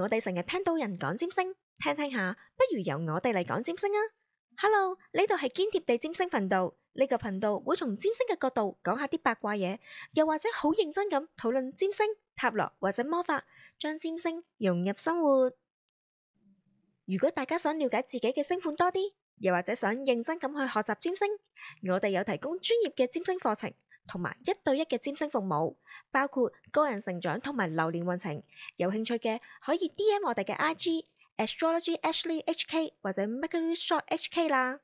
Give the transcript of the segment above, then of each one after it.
我哋成日聽到人講占星，聽聽下，不如由我哋嚟講占星啊！Hello，呢度係堅貼地占星頻道，呢個頻道會從占星嘅角度講一下啲八卦嘢，又或者好認真咁討論占星、塔羅或者魔法，將占星融入生活。如果大家想了解自己嘅星盤多啲，又或者想認真咁去學習占星，我哋有提供專業嘅占星課程。同埋一對一嘅占星服務，包括個人成長同埋流年運程。有興趣嘅可以 DM 我哋嘅 IG AstrologyAshleyHK 或者 MercuryShopHK 啦。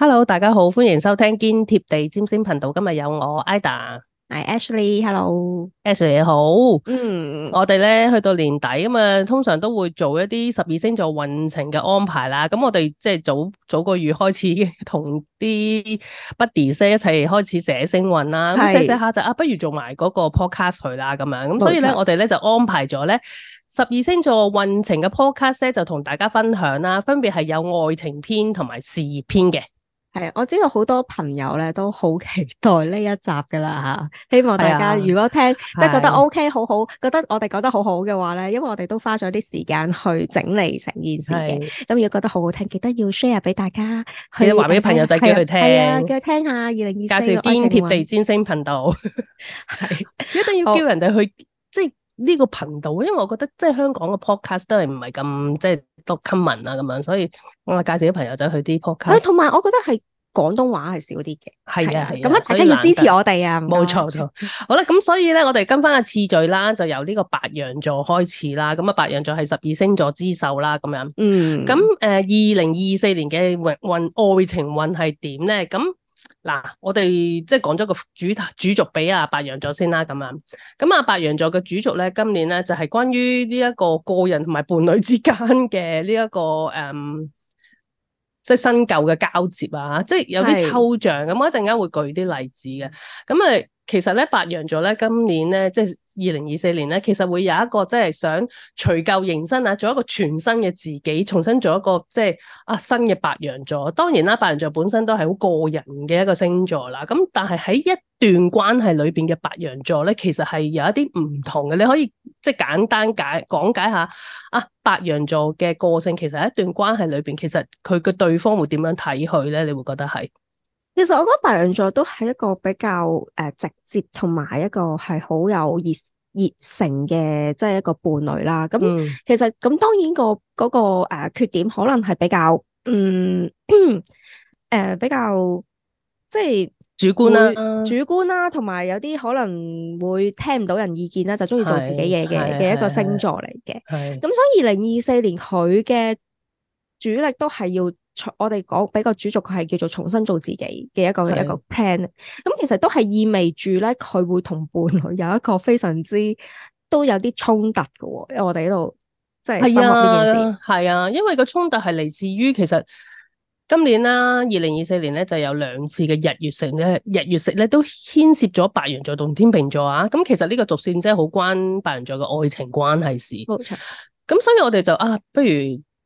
Hello，大家好，歡迎收聽堅貼地占星頻道。今日有我 Ida 係 Ashley，Hello，Ashley 你好。嗯，我哋咧去到年底吖嘛，通常都會做一啲十二星座運程嘅安排啦。咁我哋即係早早個月開始，同啲 buddy 一齊開始寫星運啦。咁寫寫下就啊，不如做埋嗰個 podcast 啦，咁樣。咁所以咧，錯我哋咧就安排咗咧十二星座運程嘅 podcast 就同大家分享啦。分別係有愛情篇同埋事業篇嘅。係啊，我知道好多朋友咧都好期待呢一集噶啦吓，希望大家如果聽即係覺得 OK，好好，覺得我哋講得好好嘅話咧，因為我哋都花咗啲時間去整理成件事嘅，咁如果覺得好好聽，記得要 share 俾大家去，話俾朋友仔叫佢聽，係啊，去聽下二零二四，介紹堅貼地占星頻道，係一定要叫人哋去，即係呢個頻道，因為我覺得即係香港嘅 podcast 都係唔係咁即係。讀新聞啊咁樣，所以我介紹啲朋友仔去啲 p o d 同埋我覺得係廣東話係少啲嘅。係啊，咁一大家要支持我哋啊。冇錯冇錯，好啦，咁、嗯 嗯、所以咧，我哋跟翻個次序啦，就由呢個白羊座開始啦。咁啊，白羊座係十二星座之首啦，咁樣。嗯。咁誒，二零二四年嘅運運愛情運係點咧？咁。嗱，我哋即係講咗個主主軸，俾阿白羊座先啦，咁樣，咁阿白羊座嘅主軸咧，今年咧就係、是、關於呢一個個人同埋伴侶之間嘅呢一個誒、嗯，即係新舊嘅交接啊，即係有啲抽象，咁我一陣間會舉啲例子嘅，咁誒。其實咧，白羊座咧，今年咧，即係二零二四年咧，其實會有一個即係想除舊迎新啊，做一個全新嘅自己，重新做一個即係啊新嘅白羊座。當然啦，白羊座本身都係好個人嘅一個星座啦。咁但係喺一段關係裏邊嘅白羊座咧，其實係有一啲唔同嘅。你可以即係簡單解講解下啊，白羊座嘅個性其實喺一段關係裏邊，其實佢嘅對方會點樣睇佢咧？你會覺得係？其實我覺得白羊座都係一個比較誒、呃、直接同埋一個係好有熱熱誠嘅，即係一個伴侶啦。咁、嗯、其實咁當然個嗰、那個誒、呃、缺點可能係比較嗯誒、呃、比較即係主觀啦、啊，主觀啦、啊，同埋有啲可能會聽唔到人意見啦、啊，就中意做自己嘢嘅嘅一個星座嚟嘅。咁所以二零二四年佢嘅主力都係要。我哋講俾個主軸佢係叫做重新做自己嘅一個一個 plan，咁其實都係意味住咧佢會同伴侶有一個非常之都有啲衝突嘅，因為我哋呢度即係深入，呢件事。係啊，係啊，因為個衝突係嚟自於其實今年啦、啊，二零二四年咧就有兩次嘅日月食咧，日月食咧都牽涉咗白羊座同天秤座啊。咁、嗯、其實呢個軸線真係好關白羊座嘅愛情關係事。冇錯。咁所以我哋就啊，不如。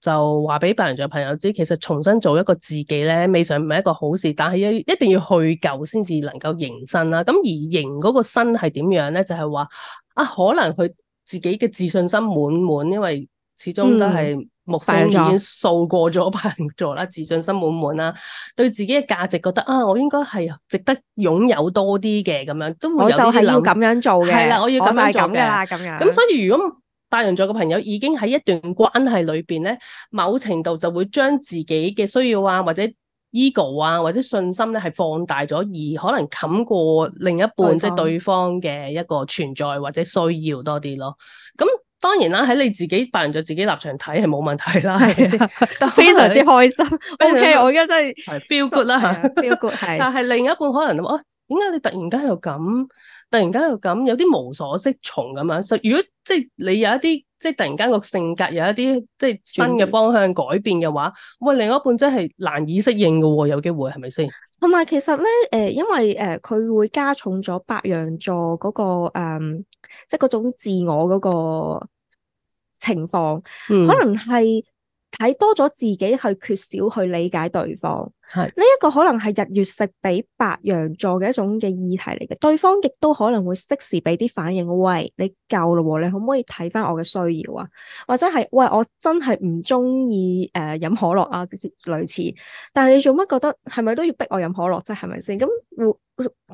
就話俾白羊座朋友知，其實重新做一個自己咧，未嘗唔係一個好事，但係一一定要去舊先至能夠迎新啦。咁而迎嗰個新係點樣咧？就係、是、話啊，可能佢自己嘅自信心滿滿，因為始終都係木星、嗯、已經掃過咗白羊座啦， 自信心滿滿啦，對自己嘅價值覺得啊，我應該係值得擁有多啲嘅咁樣，都會有啲嘢諗咁樣做嘅，係啦，我要咁樣做嘅啦，咁樣。咁所以如果白羊座嘅朋友已經喺一段關係裏邊咧，某程度就會將自己嘅需要啊，或者 ego 啊，或者信心咧，係放大咗，而可能冚過另一半，即係對方嘅一個存在或者需要多啲咯。咁當然啦，喺你自己白羊座自己立場睇係冇問題啦，的是 非常之開心。O Okay , K，、嗯、我而家真係的 feel good 啦，feel good。 但係另一半可能，喂、啊，點解你突然間又咁？突然間又咁，有啲無所適從咁樣。所以如果即係你有一啲即係突然間個性格有一啲即係新嘅方向改變嘅話，喂，另一半真係難以適應嘅、哦。有機會係咪先？同埋其實咧，誒、呃，因為誒佢、呃、會加重咗白羊座嗰、那個誒、嗯，即係嗰種自我嗰個情況，嗯、可能係。睇多咗自己去缺少去理解對方，係呢一個可能係日月食俾白羊座嘅一種嘅議題嚟嘅。對方亦都可能會即時俾啲反應，喂，你夠咯，你可唔可以睇翻我嘅需要啊？或者係喂，我真係唔中意誒飲可樂啊，即係類似。但係你做乜覺得係咪都要逼我飲可樂啫？係咪先咁？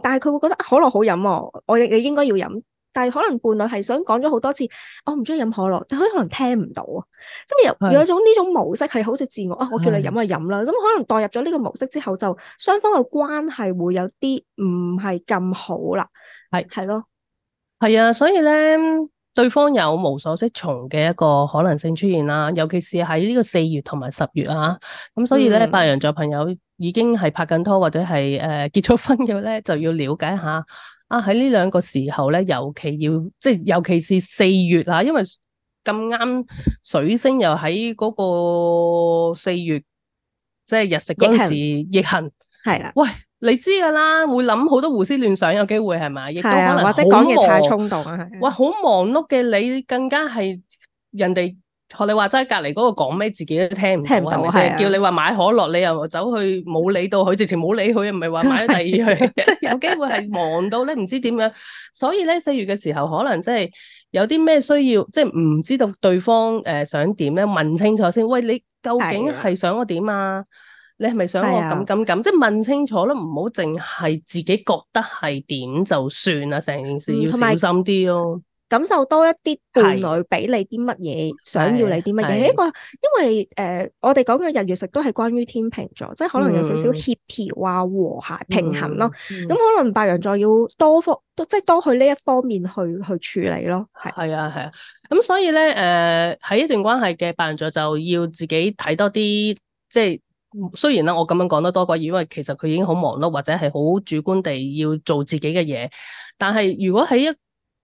但係佢會覺得可樂好飲喎，我亦你應該要飲。但係可能伴侶係想講咗好多次，我唔中意飲可樂，但佢可能聽唔到啊！即係有有一種呢種模式係好似自我啊是、哦，我叫你飲就飲啦。咁可能代入咗呢個模式之後，就雙方嘅關係會有啲唔係咁好啦。係係是咯，係啊，所以咧，對方有無所適從嘅一個可能性出現啦。尤其是喺呢個四月同埋十月啊，咁所以咧，嗯、白羊座朋友已經係拍緊拖或者係誒、呃、結咗婚嘅咧，就要了解一下。啊！喺呢兩個時候咧，尤其要即係，尤其是四月啊，因為咁啱水星又喺嗰個四月，即係日食嗰陣時逆行，係啦行。的喂，你知㗎啦，會諗好多胡思亂想，有機會係咪？亦都可能好忙，或者講嘢太衝動啊！係。喂！好忙碌嘅你，更加係人哋。學你話齋，隔離嗰個講咩，自己都聽唔到。即係叫你話買可樂，你又走去冇理到佢，直情冇理佢，又唔係話買咗第二樣。即係是、啊、 有機會係忙到咧，唔知點樣。所以咧四月嘅時候，可能即係有啲咩需要，即係唔知道對方誒、呃、想點咧，問清楚先。喂，你究竟係想我點啊？是啊你係咪想我咁咁咁？即係問清楚咯，唔好淨係自己覺得係點就算啦！成件事要小心啲咯。嗯感受多一啲伴侶俾你啲乜嘢，是想要你啲乜嘢？呢個，因為誒、呃，我哋講嘅日月食都係關於天秤座，即係可能有少少協調啊、嗯、和諧、平衡咯、啊。咁、嗯嗯、可能白羊座要多方，即係多去呢一方面去去處理咯。係係啊係啊。咁、啊啊、所以咧，誒、呃、喺一段關係嘅白羊座就要自己睇多啲，即係雖然咧我咁樣講得多過，因為其實佢已經好忙碌或者係好主觀地要做自己嘅嘢，但係如果喺一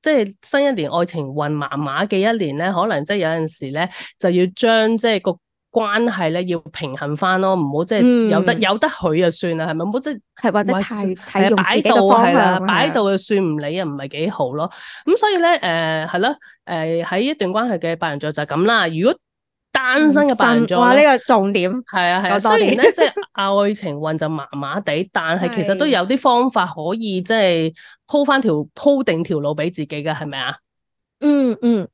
即係新一年愛情運麻麻嘅一年咧，可能即係有陣時咧就要將即係個關係咧要平衡翻咯，唔好即係有得、嗯、有得佢就算啦，係咪、嗯？唔好即係或者太擺度啊，係啦，擺度到的就算唔理啊，唔係幾好咯。咁的所以咧，誒，係咯，誒喺一段關係嘅白羊座就係咁啦。如果單身嘅白羊座，哇！呢個重點係啊係啊，多多 雖然咧即係愛情運就麻麻地，但係其實都有啲方法可以即係鋪翻條鋪定條路俾自己嘅，係咪啊？嗯嗯，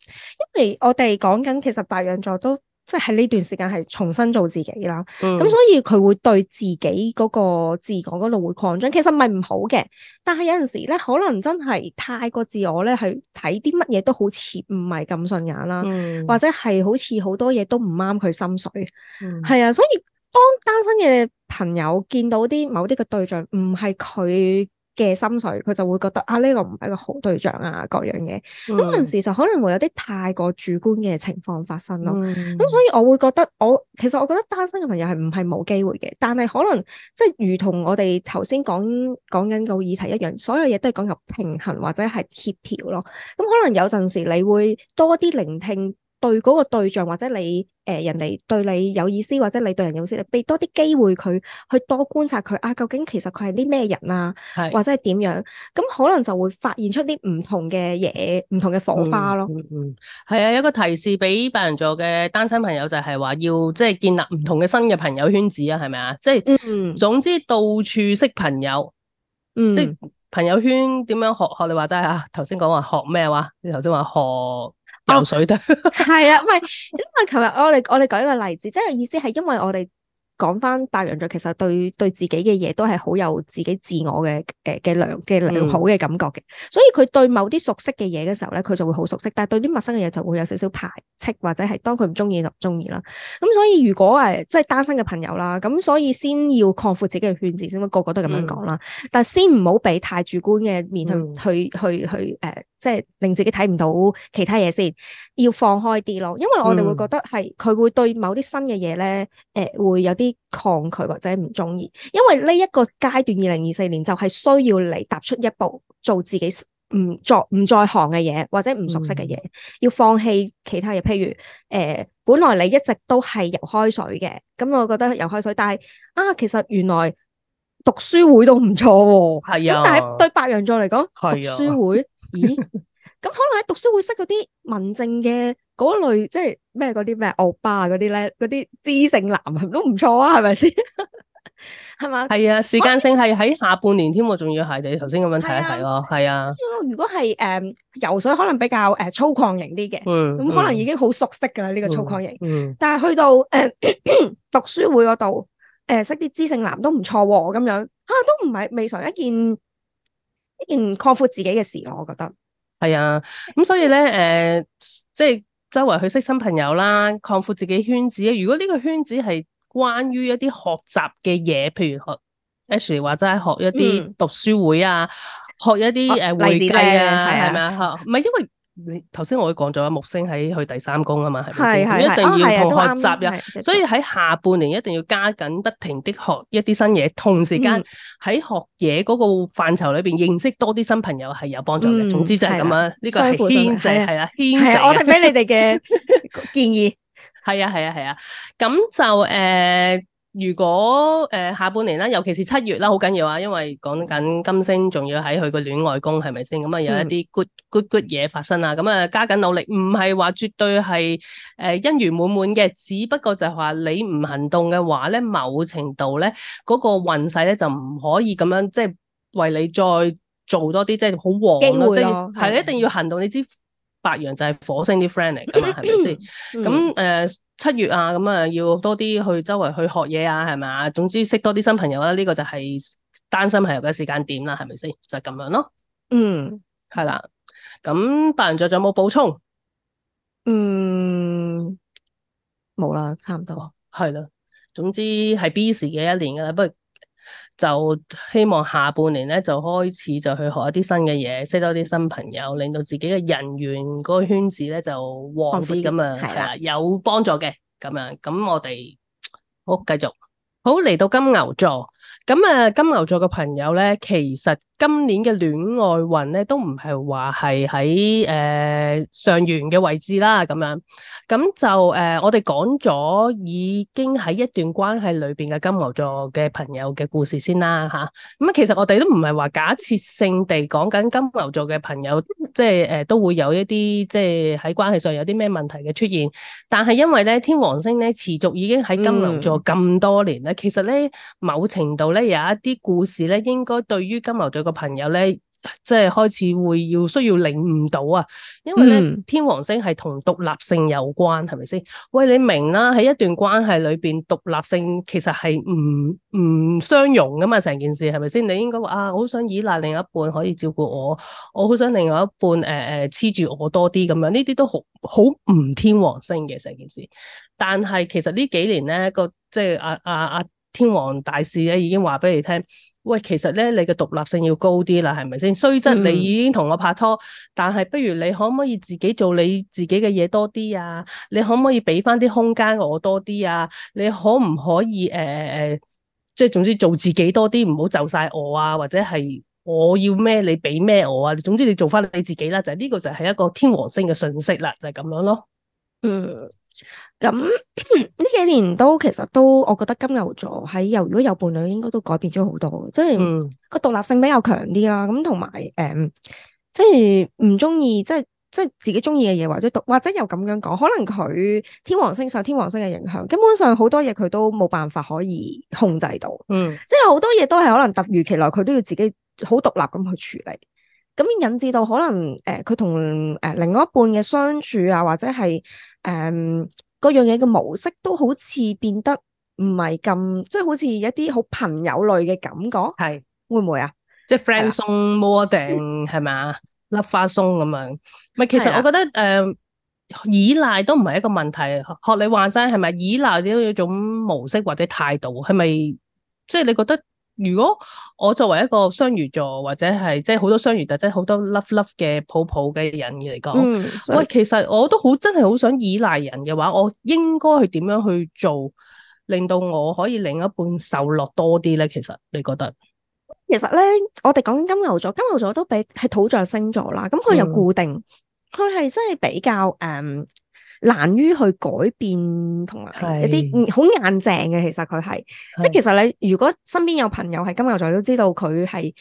因為我哋講緊其實白羊座都。即係呢段時間係重新做自己啦，咁、嗯、所以佢會對自己嗰個自我嗰度會擴張，其實唔係唔好嘅，但係有陣時咧可能真係太過自我咧，係睇啲乜嘢都好似唔係咁順眼啦，嗯、或者係好似好多嘢都唔啱佢心水，係、嗯、啊，所以當單身嘅朋友見到啲某啲嘅對象唔係佢。嘅心水，佢就會覺得啊呢、這個唔係一個好對象啊各樣嘢，咁陣時就可能會有啲太過主觀嘅情況發生咯。咁、嗯、所以我會覺得，我其實我覺得單身嘅朋友係唔係冇機會嘅，但係可能即係如同我哋頭先講講緊個議題一樣，所有嘢都係講求平衡或者係協調咯。咁可能有陣時你會多啲聆聽。對嗰個對象或者你誒、呃、人哋對你有意思，或者你對人有意思，你俾多啲機會佢去多觀察佢啊，究竟其實佢係啲咩人啊，是或者係點樣？咁可能就會發現出啲唔同嘅嘢，唔同嘅火花咯。嗯嗯，係、嗯嗯、啊，有個提示俾白羊座嘅單身朋友就係話要即係建立唔同嘅新嘅朋友圈子啊，係咪啊？即、就、係、是嗯、總之到處識朋友，即係、嗯、朋友圈點樣學學你話齋啊？頭先講話學咩話？你頭先話學。游水得 係 啊，唔、哦、係，因為琴日我哋我哋舉一個例子，即係意思係因為我哋。講翻白羊座，其實對對自己嘅嘢都係好有自己自我嘅誒嘅良嘅良好嘅感覺嘅，嗯、所以佢對某啲熟悉嘅嘢嘅時候咧，佢就會好熟悉，但係對啲陌生嘅嘢就會有少少排斥，或者係當佢唔中意就唔中意啦。咁所以如果誒即係單身嘅朋友啦，咁所以先要擴闊自己嘅圈子先，個個都咁樣講啦。嗯、但係先唔好俾太主觀嘅面去、嗯、去去去誒、呃，即係令自己睇唔到其他嘢先，要放開啲咯。因為我哋會覺得係佢會對某啲新嘅嘢咧，誒、呃呃、會有啲。抗拒或者唔中意，因為呢一個階段二零二四年就係需要你踏出一步，做自己唔在唔在行嘅嘢，或者唔熟悉嘅嘢，嗯、要放棄其他嘢。譬如誒、呃，本來你一直都係游開水嘅，咁我覺得游開水，但係啊，其實原來讀書會都唔錯喎。係啊呀，但係對白羊座嚟講，係啊呀，讀書會，咦？ 咁可能喺讀書會識嗰啲文靜嘅嗰類，即係咩嗰啲咩歐巴嗰啲咧，嗰啲知性男都唔錯啊，係咪先？係 嘛吧？係啊，時間性係喺下半年添，我仲要係你頭先咁樣睇一睇咯，係啊。啊啊如果係誒、呃、游水可能比較誒、呃、粗獷型啲嘅，咁、嗯嗯、可能已經好熟悉噶啦呢個粗獷型。嗯嗯嗯、但係去到誒、呃、讀書會嗰度，誒、呃、識啲知性男都唔錯喎、啊，咁樣吓都唔係未嘗一,一件一件擴闊自己嘅事咯，我覺得。 係啊，咁所以咧，誒、呃，即係周圍去識新朋友啦，擴闊自己圈子。如果呢個圈子係關於一啲學習嘅嘢，譬如學 Ashley 話齋學一啲讀書會啊，嗯、學一啲誒會計啊，係咪啊？嚇，唔係、啊、因為。你頭先我都講咗木星喺去第三宮啊嘛，係咪？係一定要同學習啊，所以喺下半年一定要加緊不停的學一啲新嘢，同時間喺學嘢嗰個範疇裏邊認識多啲新朋友係有幫助嘅。總之就係咁啊，呢個係牽扯，係啦，牽扯。我提俾你哋嘅建議，係啊係啊係啊，咁就誒。如果誒、呃、下半年啦，尤其是七月啦，好緊要啊！因為講緊金星，仲要喺佢個戀愛宮，係咪先？咁啊，有一啲 good good good 嘢發生啦！咁、嗯、啊，加緊努力，唔係話絕對係誒姻緣滿滿嘅，只不過就係話你唔行動嘅話咧，某程度咧嗰、那個運勢咧就唔可以咁樣即係、就是、為你再做多啲即係好旺咯，即係一定要行動。你知白羊就係火星啲 friend 嚟噶嘛，係咪先？咁誒。 嗯嗯七月啊，咁啊要多啲去周圍去學嘢啊，係咪？總之識多啲新朋友啦、啊，呢、這個就係單身朋友嘅時間點啦，係咪先？就係、是、咁樣咯。嗯，係啦。咁白羊座仲有冇補充？嗯，冇啦，差唔多。係啦、哦，總之係 busy 嘅一年㗎啦，不過。就希望下半年咧就開始就去學一啲新嘅嘢，識多啲新朋友，令到自己嘅人緣嗰個圈子咧就旺啲咁樣，係啦，有幫助嘅咁樣。咁我哋好繼續，好，嚟到金牛座。咁啊金牛座嘅朋友咧，其實今年嘅戀愛運咧都唔係話係喺誒上元嘅位置啦，咁樣咁就誒、呃、我哋講咗已經喺一段關係裏邊嘅金牛座嘅朋友嘅故事先啦吓，咁啊其實我哋都唔係話假設性地講緊金牛座嘅朋友，即係誒、呃、都會有一啲即係喺關係上有啲咩問題嘅出現，但係因為咧天王星咧持續已經喺金牛座咁多年咧，嗯、其實咧某程度。度咧有一啲故事咧，應該對於金牛座個朋友咧，即係開始會要需要領悟到啊，因為咧、嗯、天王星係同獨立性有關，係咪先？喂，你明啦，喺一段關係裏邊，獨立性其實係唔唔相容噶嘛，成件事係咪先？你應該話啊，我好想依賴另一半可以照顧我，我好想另外一半誒誒黐住我多啲咁樣，呢啲都好好唔天王星嘅成件事。但係其實呢幾年咧個即係阿阿阿。啊啊天王大事咧，已經話俾你聽。喂，其實咧，你嘅獨立性要高啲啦，係咪先？雖則你已經同我拍拖，嗯、但係不如你可唔可以自己做你自己嘅嘢多啲啊？你可唔可以俾翻啲空間我多啲啊？你可唔可以誒誒、呃呃、即係總之做自己多啲，唔好就晒我啊！或者係我要咩，你俾咩我啊？總之你做翻你自己啦，就係、是、呢個就係一個天王星嘅信息啦，就係、是、咁樣咯。嗯。咁呢、嗯、幾年都其實都，我覺得金牛座喺有如果有伴侶，應該都改變咗好多，即係、嗯、個獨立性比較強啲啦。咁同埋誒，即係唔中意，即係即係自己中意嘅嘢，或者獨或者又咁樣講，可能佢天王星受天王星嘅影響，基本上好多嘢佢都冇辦法可以控制到，嗯，即係好多嘢都係可能突如其來，佢都要自己好獨立咁去處理，咁、嗯、引致到可能誒佢同誒另外一半嘅相處啊，或者係誒。嗯嗰樣嘢嘅模式都好似變得唔係咁，即係好似一啲好朋友類嘅感覺，係會唔會啊？即係 friend Song more 鬆冇定係嘛，甩花鬆咁樣。唔係，其實我覺得誒、啊呃，依賴都唔係一個問題。學你話齋係咪？是是依賴都係一種模式或者態度，係咪？即係你覺得。如果我作為一個雙魚座或者係即係好多雙魚，或者好多雙魚特質，好多 love love 嘅抱抱嘅人嚟講，喂、嗯，我其實我都好真係好想依賴人嘅話，我應該去點樣去做，令到我可以另一半受落多啲咧？其實你覺得？其實咧，我哋講緊金牛座，金牛座都比係土象星座啦，咁佢又固定，佢係真係比較誒。Um, 難於去改變，同埋一啲好硬淨嘅。其實佢係，是的 即係其實你如果身邊有朋友係金牛座，都知道佢係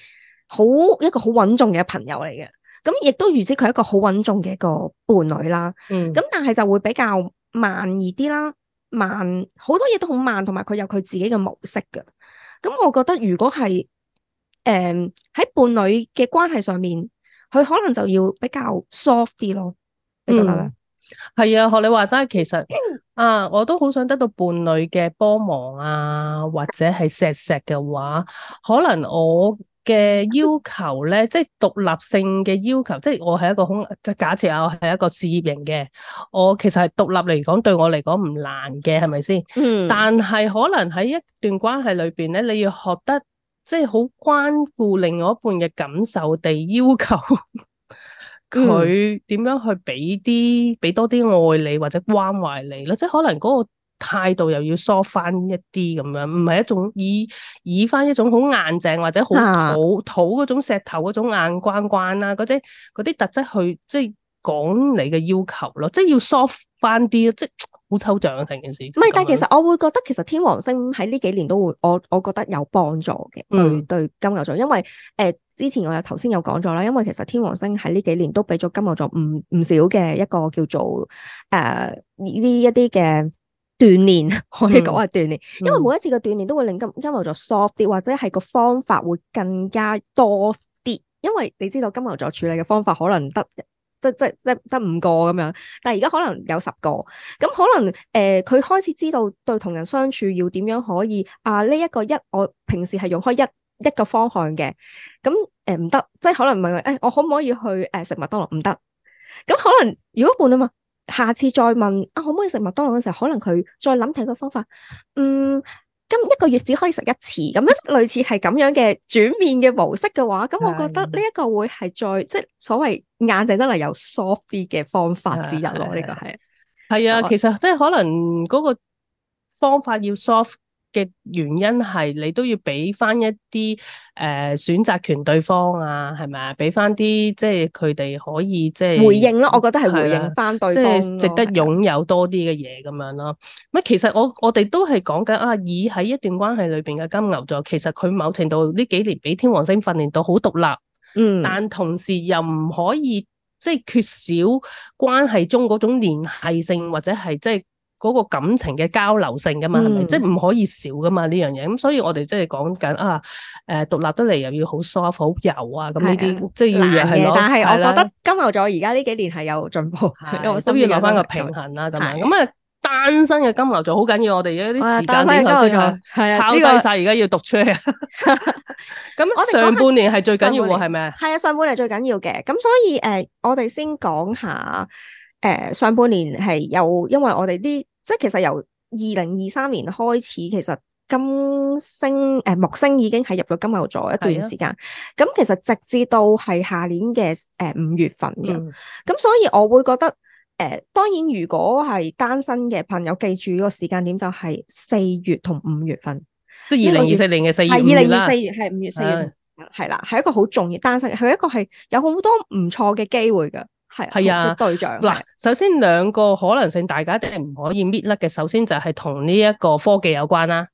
好一個好穩重嘅朋友嚟嘅。咁亦都預知佢係一個好穩重嘅一個伴侶啦。嗯，咁但係就會比較慢熱啲啦，慢好多嘢都好慢，同埋佢有佢自己嘅模式嘅。咁我覺得如果係，誒、呃、喺伴侶嘅關係上面，佢可能就要比較 soft 啲咯。你覺得咧？嗯係啊，學你話齋，其實啊，我都好想得到伴侶嘅幫忙啊，或者係錫錫嘅話，可能我嘅要求咧，即係獨立性嘅要求，即係我係一個空，即係假設啊，我係一個事業型嘅，我其實係獨立嚟講，對我嚟講唔難嘅，係咪先？嗯，但係可能喺一段關係裏邊咧，你要學得即係好關顧另外一半嘅感受地要求。佢點樣去俾啲俾多啲愛你或者關懷你咧？即係可能嗰個態度又要 soft 翻一啲咁樣，唔係一種以以翻一種好硬淨或者好土土嗰種石頭嗰種硬關關啦、啊。嗰啲嗰啲特質去即係講你嘅要求咯，即係要 soft 翻啲咯，即係好抽象啊成件事。唔係，但係其實我會覺得其實天王星喺呢幾年都會，我我覺得有幫助嘅，對、嗯、對金牛座，因為誒。呃之前我又頭先有講咗啦，因為其實天王星喺呢幾年都俾咗金牛座唔唔少嘅一個叫做誒呢一啲嘅鍛鍊，可以講係鍛鍊，嗯、因為每一次嘅鍛鍊都會令金金牛座 soft 啲，或者係個方法會更加多啲，因為你知道金牛座處理嘅方法可能得得得得得五個咁樣，但係而家可能有十個，咁可能誒佢、呃、開始知道對同人相處要點樣可以啊呢一、這個一，我平時係用開一。一個方向嘅，咁誒唔得，即係可能問佢誒、欸，我可唔可以去誒、呃、食麥當勞？唔得，咁可能如果半啊嘛，下次再問啊，可唔可以食麥當勞嘅時候，可能佢再諗睇個方法。嗯，咁、嗯嗯、一個月只可以食一次，咁、嗯、樣類似係咁樣嘅轉變嘅模式嘅話，咁、嗯、是我覺得呢一個會係再即係所謂硬淨得嚟有 soft 啲嘅方法之一咯。呢個係，係啊，其實即係可能嗰個方法要 soft。嘅原因係你都要俾翻一啲誒、呃、選擇權對方啊，係咪啊？俾翻啲即係佢哋可以即係回應咯。我覺得係回應翻對方，即係、就是、值得擁有多啲嘅嘢咁樣咯。咁其實我我哋都係講緊啊，以喺一段關係裏邊嘅金牛座，其實佢某程度呢幾年俾天王星訓練到好獨立，嗯，但同時又唔可以即係缺少關係中嗰種連繫性或者係即係。嗰個感情嘅交流性㗎嘛，係咪？即係唔可以少㗎嘛呢樣嘢。咁所以我哋即係講緊啊，誒獨立得嚟又要好 soft 好油啊，咁呢啲即係要嘅係咯。但係我覺得金牛座而家呢幾年係有進步，都要攞翻個平衡啦。咁樣咁啊，單身嘅金牛座好緊要。我哋而家啲時間啲投資嘅，係啊，考慮曬而家要讀出嚟。咁上半年係最緊要喎，係咪啊？係啊，上半年最緊要嘅。咁所以誒，我哋先講下誒上半年係有，因為我哋啲。即係其實由二零二三年開始，其實金星誒、呃、木星已經喺入咗金牛座一段時間。咁的其實直至到係下年嘅誒、呃、五月份嘅。咁、嗯、所以我會覺得誒、呃，當然如果係單身嘅朋友，記住呢個時間點就係四月同五月份。即二零二四年嘅四月係二零二四月係五月四月係啦，係、啊、一個好重要單身，係一個係有好多唔錯嘅機會噶。係係啊，對象嗱，啊、首先兩個可能性，大家一定唔可以搣甩嘅。首先就係同呢一個科技有關啦，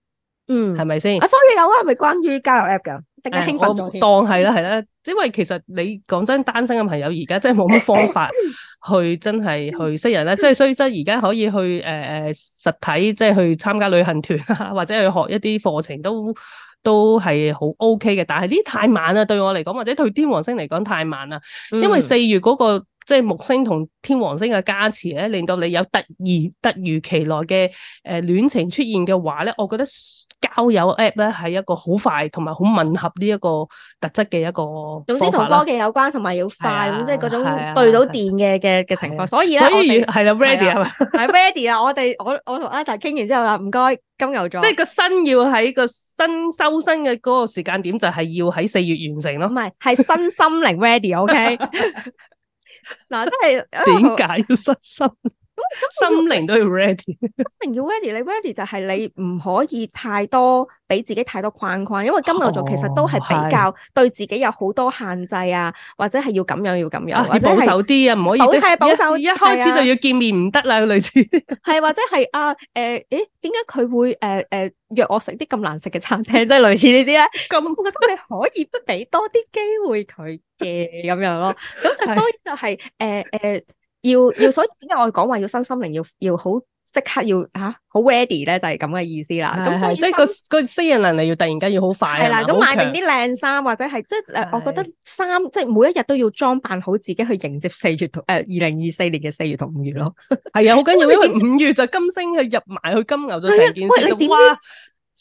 嗯，係咪先？啊，科技有關，係咪關於交友 app 噶？大家興奮咗添。嗯、當係啦，係啦、啊啊，因為其實你講真，單身嘅朋友而家真係冇乜方法去真係去識人咧。即係 所以，即係而家可以去誒誒、呃、實體，即、就、係、係、去參加旅行團啊，或者去學一啲課程都都係好 OK 嘅。但係呢太慢啦，對我嚟講，或者對天王星嚟講太慢啦，嗯、因為四月嗰、那個。即係木星同天王星嘅加持咧，令到你有突然，突如其來嘅誒戀情出現嘅話咧，我覺得交友 App 咧係一個好快同埋好吻合呢一個特質嘅一個。總之同科技有關，同埋要快，即係嗰種對到電嘅嘅嘅情況。所以咧，所以係啦，ready 係嘛？係 ready 啊！我哋我我同 Ada 傾完之後啦，唔該，金牛座。即係個新要喺個新收新嘅嗰個時間點，就係要喺四月完成咯。唔係，係新心靈 ready，OK。嗱，真係點解要失身？心靈都要 ready，心靈要 ready。你 ready 就係你唔可以太多俾自己太多框框，因為金牛座，其實都係比較對自己有好多限制啊，或者係要咁樣要咁樣，保守，保守啲啊，唔可以。好係保守，一開始就要見面唔得啦，類似係或者係啊誒，誒、欸，點解佢會誒誒約我食啲咁難食嘅餐廳，即係類似呢啲咧？咁我覺得你可以俾多啲機會佢嘅咁樣咯，咁就當然就係誒誒。 要要所以點解我哋講話要新心靈要要好即刻要吓好、啊、ready 咧就係咁嘅意思啦。咁即係個個適應能力要突然間要好快。係啦的，咁、啊、買定啲靚衫或者係即係，呃、的我覺得衫即係每一日都要裝扮好自己去迎接四月同誒二零二四年嘅四月同五月咯。係 啊，好緊要，因為五月就金星去入埋去金牛，就成件事啦。喂你點知哇！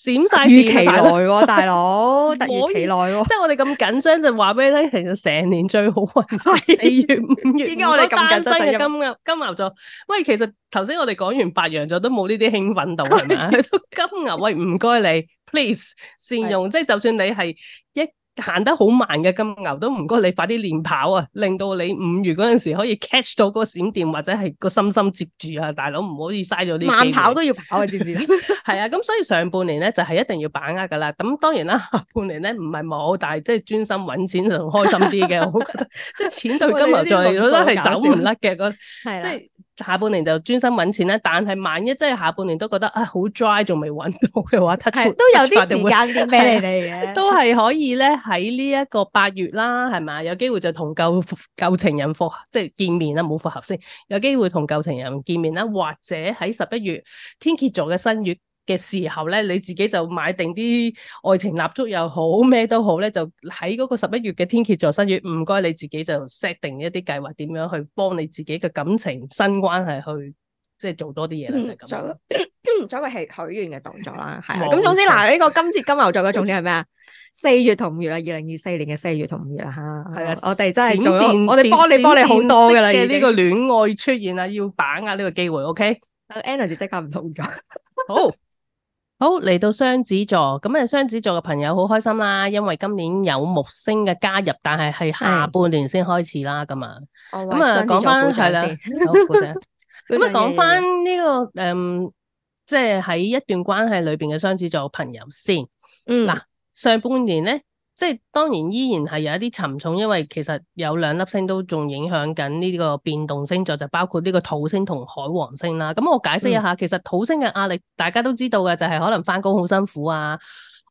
點晒預期內喎、啊，大佬！預 期內喎、啊， 即係我哋咁緊張就話畀你聽。其實成年最好運勢，四月五月，月 我哋單身嘅金牛， 金牛座。喂，其實頭先我哋講完白羊座都冇呢啲興奮度係咪？ 都金牛，喂，唔該你，please 善用，即係 就，就算你係一。行得好慢嘅金牛都唔該你快啲練跑啊，令到你五月嗰陣時可以 catch 到嗰個閃電或者係個心心接住啊，大佬唔可以嘥咗啲，慢跑都要跑啊，接住。知唔知啊？係啊，咁所以上半年咧就係、是，一定要把握噶啦。咁當然啦，下半年咧唔係冇，但係即係專心揾錢就開心啲嘅。我好覺得 即係錢對金牛座嚟講都係走唔甩嘅個，即係、就是。 下半年就專心揾錢啦，但係萬一真係下半年都覺得啊好 dry，仲未揾到嘅話，都有啲時間點俾你哋嘅， 都係可以咧喺呢一個八月啦，係咪？有機會就同舊舊情人復合，即係見面啦，冇復合先，有機會同舊情人見面啦，或者喺十一月天蠍座嘅新月。嘅時候咧，你自己就買定啲愛情蠟燭又好咩都好咧，就喺嗰個十一月嘅天蠍座新月，唔該你自己就 set 定一啲計劃，點樣去幫你自己嘅感情新關係去即係做多啲嘢啦，就咁、是嗯嗯。做個係許願嘅動作啦，係咁、啊、錯總之嗱，呢、呢個今次金牛座嘅重點係咩啊？四月同五月啊，二零二四年嘅四月同五月啊，吓係啦。我哋真係做，我哋幫你幫你好多噶啦，呢個戀愛出現啊，要把握呢個機會，OK？阿 Anna 就即刻唔同咗，好。好，嚟到雙子座，咁啊雙子座嘅朋友好開心啦，因為今年有木星嘅加入，但係係下半年先開始啦，咁啊，咁啊、嗯、講翻係啦，咁啊 也、嗯、講翻呢、這個誒、嗯，即係喺一段關係裏邊嘅雙子座朋友先，嗱上半年咧。即係當然依然係有一啲沉重，因為其實有兩粒星都仲影響緊呢個變動星座，就包括呢個土星同海王星啦。咁我解釋一下，嗯、其實土星嘅壓力大家都知道嘅，就係、是、可能翻工好辛苦啊，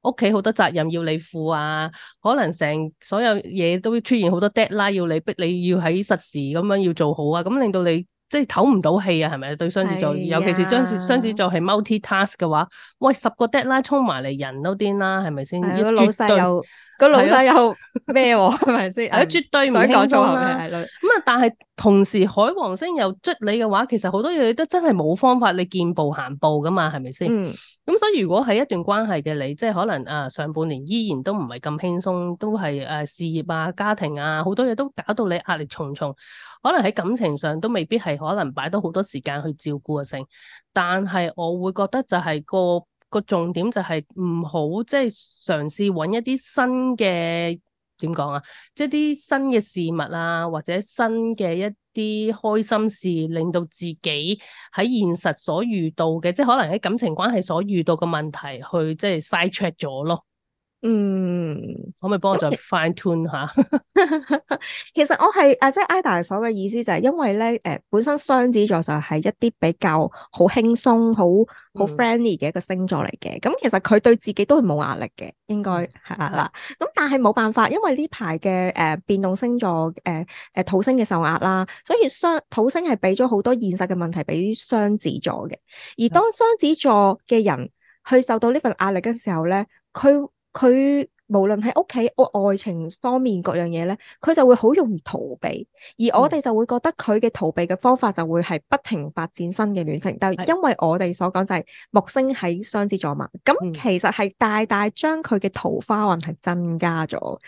屋企好多責任要你負啊，可能成所有嘢都出現好多 deadline 要你逼你要喺實時咁樣要做好啊，咁令到你。即係唞唔到氣啊，係咪啊？對雙子座，尤其是雙子座係 multi task 嘅話，喂，十個 deadline 衝埋嚟人都癲啦，係咪先？如果、 哎、老細又個老細又咩？係咪先？誒、 哎，絕對唔係講粗口，咁啊！但係同時海王星又捽你嘅話，其實好多嘢都真係冇方法，你見步行步噶嘛，係咪先？咁、嗯、所以如果係一段關係嘅你，即係可能啊，上半年依然都唔係咁輕鬆，都係誒、啊、事業啊、家庭啊，好多嘢都搞到你壓力重重。可能喺感情上都未必係可能擺多好多時間去照顧啊成，但係我會覺得就係個個重點就係唔好即係嘗試揾一啲新嘅點講啊，即係啲新嘅事物啊，或者新嘅一啲開心事，令到自己喺現實所遇到嘅，即係可能喺感情關係所遇到嘅問題去即係晒 check 咗咯。嗯，可唔可以幫我再 fine tune 下？ 其實我係啊，即係 Ida 所嘅意思就係因為咧，誒、呃，本身雙子座就係一啲比較好輕鬆、好好 friendly 嘅一個星座嚟嘅。咁、嗯嗯、其實佢對自己都係冇壓力嘅，應該係啦。咁、 嗯、但係冇辦法，因為呢排嘅誒變動星座，誒、呃、誒土星嘅受壓啦，所以雙土星係俾咗好多現實嘅問題俾雙子座嘅。而當雙子座嘅人去受到呢份壓力嘅時候咧，佢，佢無論喺屋企愛情方面各樣嘢咧，佢就會好容易逃避，而我哋就會覺得佢嘅逃避嘅方法就會係不停發展新嘅戀情。嗯、但係因為我哋所講就係木星喺雙子座嘛，咁其實係大大將佢嘅桃花運係增加咗，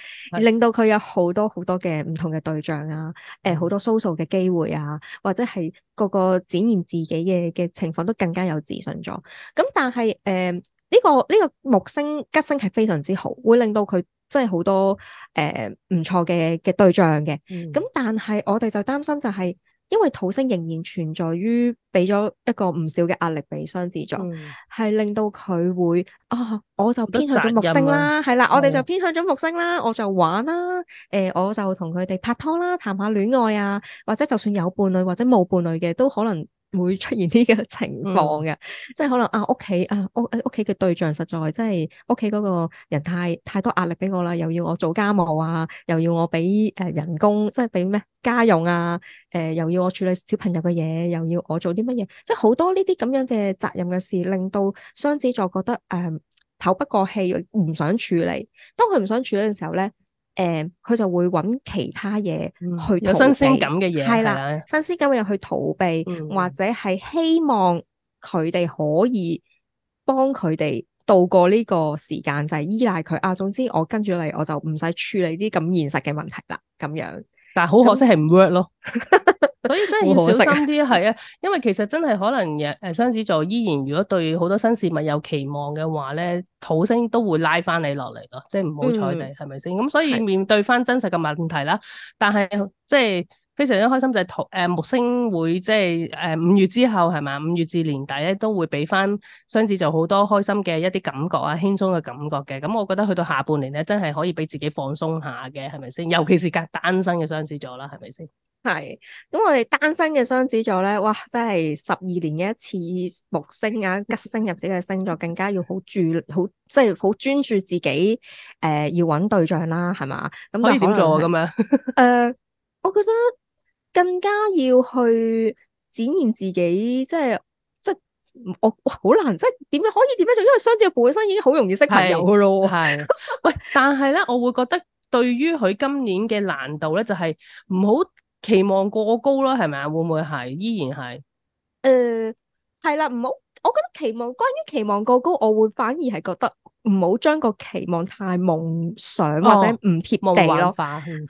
令到佢有好多好多嘅唔同嘅對象啊，誒、呃、好多 social 嘅機會啊，或者係個個展現自己嘅嘅情況都更加有自信咗。咁但係誒，呃呢個呢個木星吉星係非常之好，會令到佢真係好多誒呃、唔錯嘅嘅對象嘅。咁、嗯、但係我哋就擔心就係，因為土星仍然存在於俾咗一個唔少嘅壓力俾雙子座，係、嗯、令到佢會啊、哦，我就偏向咗木星啦。係、啊、啦，我哋就偏向咗木星啦，哦、我就玩啦。誒、呃，我就同佢哋拍拖啦，談下戀愛啊，或者就算有伴侶或者冇伴侶嘅，都可能。會出現呢個情況嘅，即係可能啊屋企啊屋屋企嘅對象實在，即係屋企嗰個人太太多壓力俾我啦，又要我做家務啊，又要我俾誒人工，即係俾咩家用啊，誒、呃、又要我處理小朋友嘅嘢，又要我做啲乜嘢，即係好多呢啲咁樣嘅責任嘅事，令到雙子座覺得誒透、呃、不過氣，唔想處理。當佢唔想處理嘅時候咧。誒，佢就會揾其他嘢去有新鮮感嘅嘢，係啦，新鮮感嘅嘢去逃避，或者係希望佢哋可以幫佢哋渡過呢個時間，就係依賴佢啊。總之，我跟住嚟，我就唔使處理啲咁現實嘅問題啦。咁樣。但係好可惜係唔 work 咯， 所以真係要小心啲係啊，因為其實真係可能誒雙子座依然如果對好多新事物有期望嘅話咧，土星都會拉翻你落嚟咯，即係唔好彩你係咪先？咁、嗯、所以面對翻真實嘅問題啦，的但係即係。就是非常之開心就係、是、誒、呃、木星會即係誒五月之後係嘛？五月至年底咧都會俾翻雙子座好多開心嘅一啲感覺啊，輕鬆嘅感覺嘅。咁、嗯、我覺得去到下半年咧，真係可以俾自己放鬆下嘅，係咪先？尤其是隔單身嘅雙子座啦，係咪先？係，咁我哋單身嘅雙子座咧，哇！真係十二年嘅一次木星啊，吉星入自己嘅星座，更加要好注好，即係好專注自己誒、呃，要揾對象啦，係嘛？咁可，可以點做啊？咁樣誒，我覺得。更加要去展現自己，即係即係我好難，即係點樣可以點樣做？因為雙子本身已經好容易識朋友㗎咯。係 喂，但係咧，我會覺得對於佢今年嘅難度咧，就係唔好期望過高啦，係咪啊？會唔會係依然係？誒、呃，係啦，唔好。我覺得期望關於期望過高，我會反而係覺得唔好將個期望太夢想或者唔貼地咯。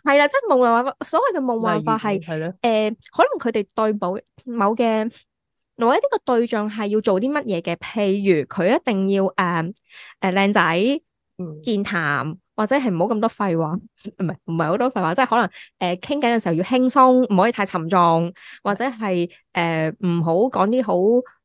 係啦，即係無論話所謂嘅夢幻化係，誒，可能佢哋對某某嘅或者呢個對象係要做啲乜嘢嘅。譬如佢一定要誒誒靚仔健談，或者係唔好咁多廢話。唔係唔係好多廢話，即係可能誒傾偈嘅時候要輕鬆，唔可以太沉重，或者係誒唔好講啲好。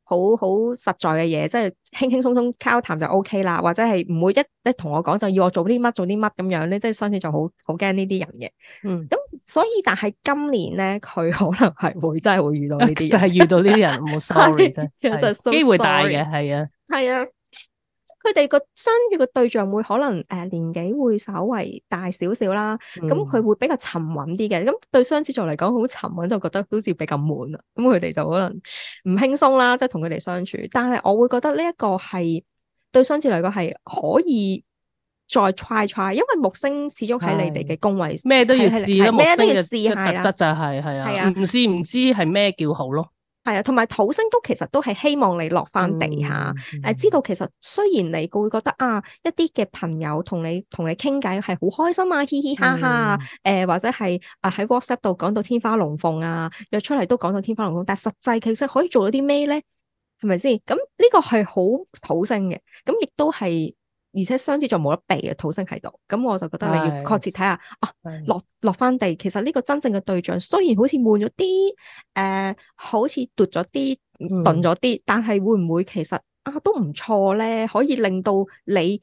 好好實在嘅嘢，即係輕輕鬆鬆交談就 OK 啦，或, 91, 或者係唔會一一同我講就要我做啲乜做啲乜咁樣咧，即係雙子座好好驚呢啲人嘅。21, nerede, 嗯，咁所以但係今年咧，佢可能係會真係會遇到呢啲人，就係遇到呢啲人，唔好、right, so okay. sorry 啫，其實機會大嘅係啊，係啊。佢哋個相遇嘅對象會可能誒年紀會稍為大少少啦，咁佢會比較沉穩啲嘅。咁對雙子座嚟講，好沉穩就覺得好似比較悶啊。咁佢哋就可能唔輕鬆啦，即係同佢哋相處。但係我會覺得呢一個係對雙子嚟講係可以再 try try，因為木星始終喺你哋嘅宮位，咩都要試，咩都要試下啦。就係係啊，唔試唔知係咩叫好咯。係啊，同埋土星都其實都係希望你落翻地下，誒、嗯，嗯，知道其實雖然你，你會覺得啊，一啲嘅朋友同你同你傾偈係好開心啊，嘻嘻哈哈誒、嗯，呃，或者係啊喺 WhatsApp 度講到天花龍鳳啊，約出嚟都講到天花龍鳳，但係實際其實可以做到啲咩咧？係咪先？咁呢個係好土星嘅，咁亦都係。而且相接就冇得避，嘅土星喺度，咁我就覺得你要確切睇下，哦是、啊、落落翻地，其實呢個真正嘅對象，雖然好似悶咗啲，誒、呃，好似奪咗啲，鈍咗啲，但係會唔會其實啊都唔錯咧？可以令到你。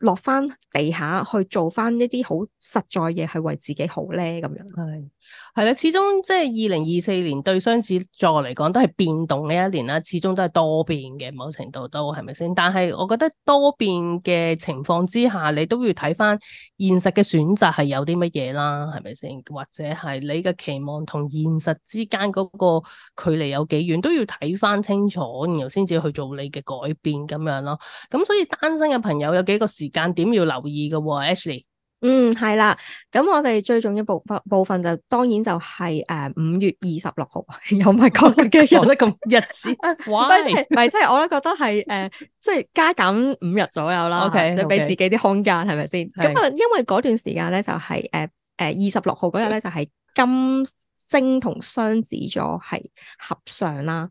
落翻地下去做翻一啲好實在嘢，係為自己好咧咁樣。係係啦，始終即係二零二四年對雙子座嚟講都係變動嘅一年啦，始終都係多變嘅某程度都係咪先？但係我覺得多變嘅情況之下，你都要睇翻現實嘅選擇係有啲乜嘢啦，係咪先？或者係你嘅期望同現實之間嗰個距離有幾遠，都要睇翻清楚，然後先至去做你嘅改變咁樣咯。咁所以單身嘅朋友有幾個時？間點要留意嘅喎、啊、，Ashley。嗯，係啦，咁我哋最重要部分部分就當然就係誒五月二十六號，有唔係咁嘅日得咁日子？哇 是！唔係即係我都覺得係誒、呃，即係加減五日左右啦。O Okay , K，okay. 就俾自己啲空間，係咪先？咁啊 是，因為嗰段時間咧就係誒誒二十六號嗰日咧 就係金星同雙子座係合上啦，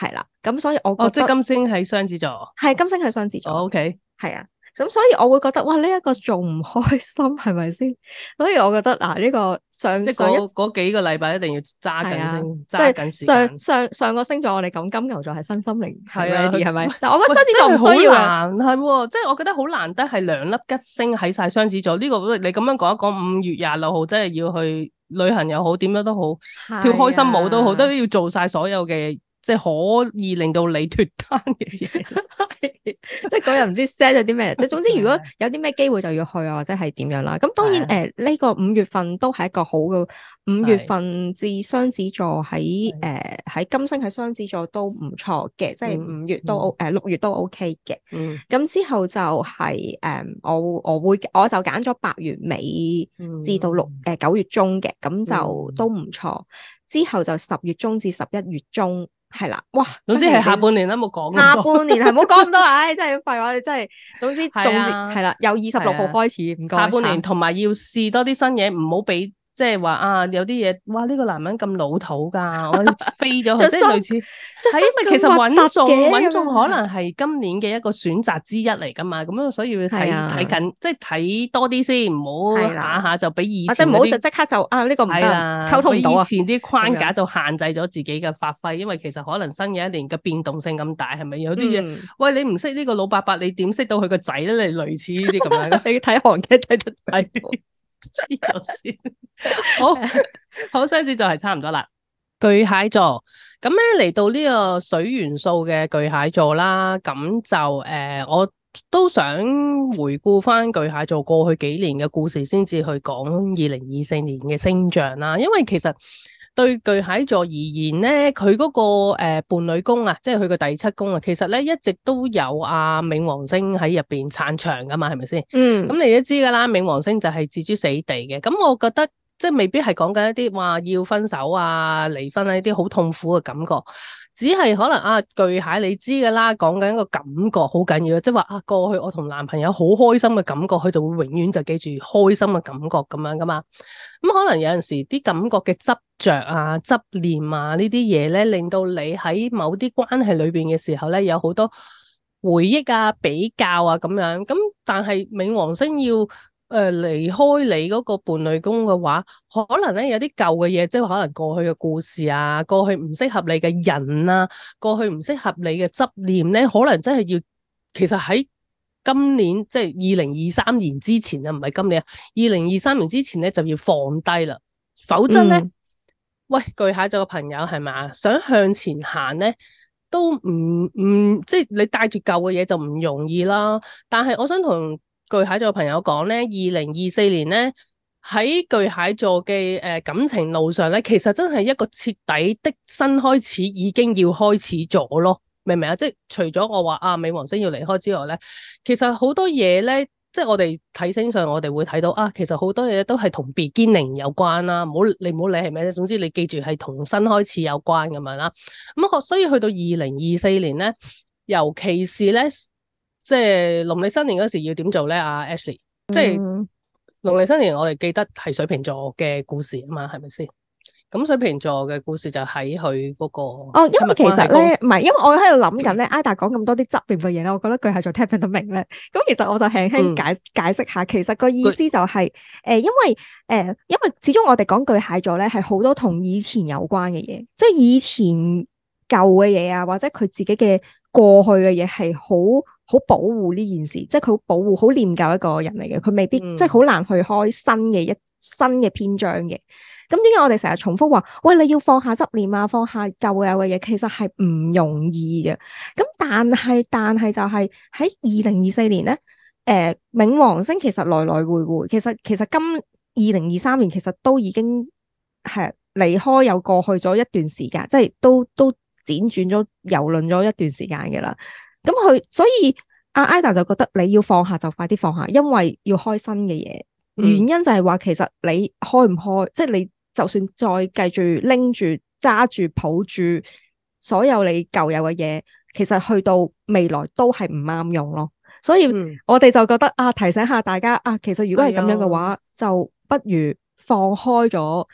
係 啦。咁所以我覺得哦，即係金星喺雙子座，係金星喺雙子座。O K，係啊。對對咁所以我會覺得，哇！呢、這、一個仲唔開心，係咪先？所以我覺得嗱，呢、啊這個上即係嗰嗰幾個禮拜一定要揸緊先，揸緊、啊、上上上個星座我哋講金牛座係身心靈係啊，呢啲係咪？吧但我覺得雙子座唔 需要難係喎，即係、啊就是、我覺得好難得係兩粒吉星喺晒雙子座呢、這個，你咁樣講一講五月廿六號真係要去旅行又好，點樣都好、啊、跳開心舞都好，都要做晒所有嘅。即係可以令到你脫單嘅嘢， 即係嗰日唔知 set 咗啲咩。即係總之，如果有啲咩機會就要去啊，或者係點樣啦。咁當然誒，呢的、呃這個五月份都係一個好嘅五月份，至雙子座喺誒喺金星喺雙子座都唔錯嘅，的即係五月都 O 誒六月都 OK 嘅。咁、嗯、之後就係、是、誒、嗯、我我會我就揀咗八月尾至到六誒九月中嘅，咁就都唔錯。 之後就十月中至十一月中。係啦，哇！總之係下半年都冇講。Okay，下半年係唔好講咁多啊！唉、 哎，真係廢話，你真係總之總之係啦，由二十六號開始，唔該的。下半年同埋看 要試多啲新嘢，唔好俾。即係話啊，有啲嘢，哇！呢個男人咁老土噶，我飛咗佢，即係類似。係，因為其實穩重，穩重可能係今年嘅一個選擇之一嚟噶嘛。咁樣所以要睇睇緊，即係睇多啲先，唔好下下就俾意。即係唔好就即刻就啊，呢個唔得，溝通唔到啊。以前啲框架就限制咗自己嘅發揮，因為其實可能新嘅一年嘅變動性咁大，係咪有啲嘢？喂，你唔識呢個老伯伯，你點識到佢個仔咧？你類似呢啲咁樣，你睇韓劇睇得太多。知咗先， 好 好, 好相似，就係差唔多啦。巨蟹座，咁咧嚟到呢個水元素嘅巨蟹座啦，咁就誒、呃，我都想回顧翻巨蟹座過去幾年嘅故事，先至去講二零二四年嘅星象啦。因為其實。對巨蟹座而言咧，佢嗰、那個、呃、伴侶宮啊，即係佢個第七宮啊，其實咧一直都有阿、啊、冥王星喺入邊撐場噶嘛，係咪先？嗯，咁、嗯、你都知噶啦，冥王星就係置之死地嘅。咁我覺得即係未必係講緊一啲話要分手啊、離婚啊啲好痛苦嘅感覺。只係可能啊，巨蟹你知噶啦，講緊一個感覺好緊要，即係話啊，過去我同男朋友好開心嘅感覺，佢就會永遠就記住開心嘅感覺咁樣噶嘛。咁、嗯、可能有陣時啲感覺嘅執着啊、執念啊呢啲嘢咧，令到你喺某啲關係裏邊嘅時候咧，有好多回憶啊、比較啊咁樣。咁但係冥王星要。誒，離、呃、開你嗰個伴侶宮嘅話，可能咧有啲舊嘅嘢，即係可能過去嘅故事啊，過去唔適合你嘅人啊，過去唔適合你嘅執念咧，可能真係要，其實喺今年即係二零二三年之前啊，唔係今年啊，二零二三年之前咧就要放低啦，否則咧，嗯、喂巨蟹座嘅朋友係咪，想向前行咧都唔唔即係你帶住舊嘅嘢就唔容易啦，但係我想同。巨蟹座嘅朋友講咧，二零二四年咧喺巨蟹座嘅誒感情路上咧，其實真係一個徹底的新開始已經要開始咗咯，明唔明啊？即係除咗我話啊冥王星要離開之外咧，其實好多嘢咧，即係我哋睇星相，我哋會睇到啊，其實好多嘢都係同 beginning 有關啦、啊，唔好你唔好理係咩啫，總之你記住係同新開始有關咁樣啦。咁啊，所以去到二零二四年咧，尤其是咧。即係農曆新年嗰時要點做咧？阿 Ashley，即係農曆新年，我哋記得係水瓶座嘅故事啊嘛，係咪先？咁水瓶座嘅故事就喺佢嗰個哦，因為其實咧，唔係，因為我喺度諗緊咧，Ada 講咁多啲側面嘅嘢咧，我覺得巨蟹座聽唔聽得明咧。咁其實我就輕輕解解釋下，嗯、其實個意思就係、是、誒、呃，因為誒、呃，因為始終我哋講巨蟹座咧，係好多同以前有關嘅嘢，即係以前舊嘅嘢啊，或者佢自己嘅過去嘅嘢係好。好保護呢件事，即係佢好保護、好念舊一個人嚟嘅，佢未必、嗯、即係好難去開新嘅一新嘅篇章嘅。咁點解我哋成日重複話，喂，你要放下執念啊，放下舊有嘅嘢，其實係唔容易嘅。咁但係但係就係喺二零二四年咧，誒、呃，冥王星其實來來回回，其實其實今二零二三年其實都已經係離開有過去咗一段時間，即係都都輾轉咗游輪咗一段時間嘅啦。咁佢所以阿 Aida 就覺得你要放下就快啲放下，因為要開新嘅嘢。原因就係話其實你開唔開，即係、嗯、你就算再繼續拎住、揸住、抱住所有你舊有嘅嘢，其實去到未來都係唔啱用咯。嗯、所以我哋就覺得啊，提醒下大家啊，其實如果係咁樣嘅話，哎、呦就不如放開咗。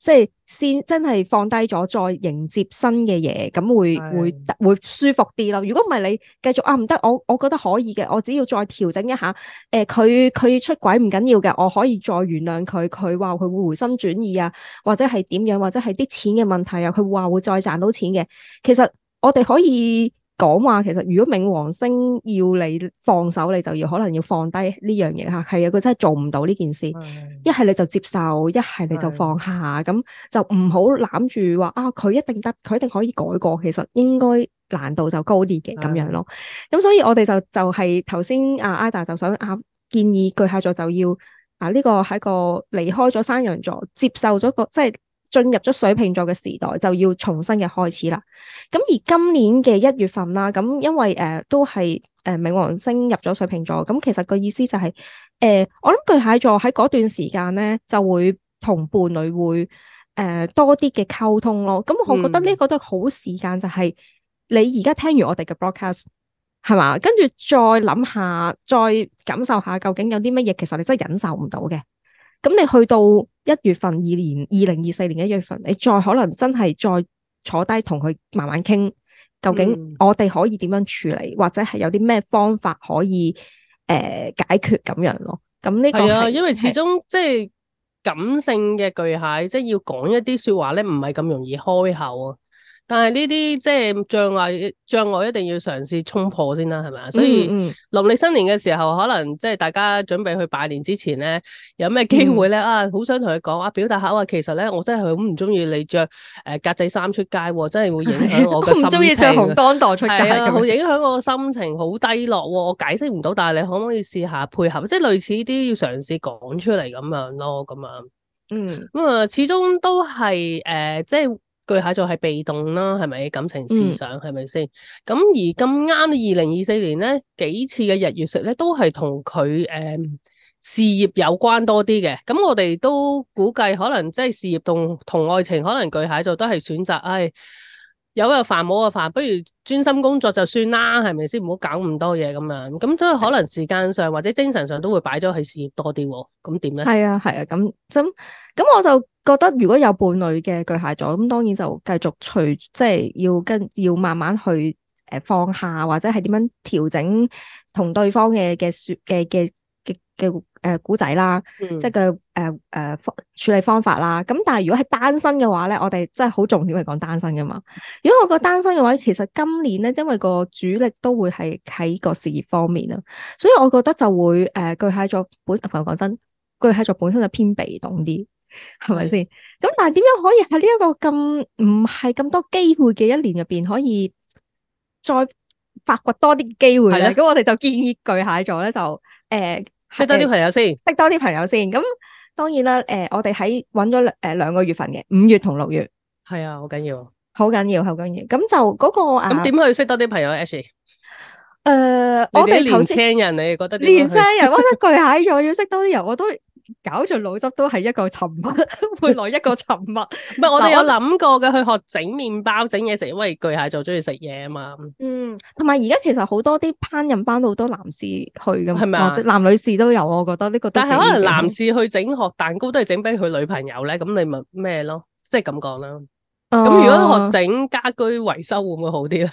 即係先真係放低咗，再迎接新嘅嘢，咁會的會會舒服啲咯。如果唔係你繼續啊，唔得，我我覺得可以嘅，我只要再調整一下。誒、呃，佢佢出軌唔緊要嘅，我可以再原諒佢。佢話佢會回心轉意啊，或者係點樣，或者係啲錢嘅問題啊，佢話會再賺到錢嘅。其實我哋可以。講話其實，如果冥王星要你放手，你就要可能要放低呢樣嘢吓。係啊，佢真係做唔到呢件事。一係的你就接受，一係你就放下。咁的就唔好攬住話啊，佢一定得，佢一定可以改過。其實應該難度就高啲嘅咁樣咯。咁所以我哋就就係頭先啊 Ida 就想啊建議巨蟹座就要啊呢、呢個喺一個離開咗山羊座，接受咗個即係。進入咗水瓶座嘅時代就要重新嘅開始啦。咁而今年嘅一月份啦，咁因為誒、呃、都係誒冥王星入咗水瓶座，咁其實個意思就係、是、誒、呃、我諗巨蟹座喺嗰段時間咧就會同伴侶會誒、呃、多啲嘅溝通咯。咁我覺得呢個都係好時間，嗯、就係你而家聽完我哋嘅 broadcast 係嘛，跟住再諗下，再感受下究竟有啲乜嘢，其實你真係忍受唔到嘅。咁你去到。一月份，二年，二零二四年一月份，你再可能真係再坐低同佢慢慢傾，究竟我哋可以點樣處理，或者係有啲咩方法可以誒、呃、解決咁樣咯。咁呢個啊，因為始終即係感性嘅巨蟹，即、就、係、是、要講一啲說話咧，唔係咁容易開口啊。但係呢啲即係障礙，障礙一定要嘗試衝破先啦，係咪啊？嗯、所以農曆、嗯、新年嘅時候，可能即係大家準備去拜年之前咧，有咩機會咧？啊，好、嗯、想同佢講啊，表達下話，其實咧，我真係好唔中意你着誒、呃、格仔衫出街，真係會影響我嘅心情。唔中意着紅當當出街，好 影響我心情，好低落、哦、我解釋唔到，但係你可唔可以試下配合，即係類似啲要嘗試講出嚟咁樣咯，咁啊。嗯，咁啊、嗯，始終都係誒、呃呃，即係。呃嗯呃即巨蟹座係被動啦，係咪？感情思想係咪先？咁 而咁啱，二零二四年咧幾次嘅日月食咧，都係同佢誒事業有關多啲嘅。咁我哋都估計可能即係事業同同愛情，可能巨蟹座都係選擇，唉、哎。有又煩，冇又煩，不如專心工作就算啦，係咪先？唔好搞咁多嘢咁樣，咁所以可能時間上或者精神上都會擺咗喺事業多啲喎。咁點咧？係啊，係啊，咁咁咁我就覺得如果有伴侶嘅巨蟹座，咁當然就繼續隨即係要跟要慢慢去誒放下或者係點樣調整同對方嘅嘅説嘅嘅。嘅誒古仔啦，嗯、即係嘅誒誒處理方法啦。咁但係如果係單身嘅話咧，我哋真係好重點係講單身嘅嘛。如果我個單身嘅話，其實今年咧，因為個主力都會係喺個事業方面啊，所以我覺得就會誒巨蟹座本身講真，巨蟹座本身就偏被動啲，係咪先？咁的但係點樣可以喺呢一個咁唔係咁多機會嘅一年入邊，可以再發掘多啲機會咧？咁的我哋就建議巨蟹座咧就誒。呃識多啲朋友先，識多啲朋友先。咁當然啦，誒，我哋喺搵咗誒兩個月份嘅五月同六月，係啊，好緊要，好緊要，好緊要。咁就嗰個咁點可以識多啲朋友？Ashley，誒，我哋年青人，你覺得年青人我覺得巨蟹座要識多啲人，我都。搞盡腦汁都係一個沉默，會來一個沉默。唔係，我哋有諗過嘅，去學整麵包、整嘢食，因為巨蟹就中意食嘢啊嘛。嗯，同埋而家其實好多啲烹飪班好多男士去噶，係咪啊？男女士都有，我覺得呢個。但係可能男士去整學蛋糕都係整俾佢女朋友咧，咁你咪咩咯？即係咁講啦。咁如果學整家居維修會唔會好啲咧？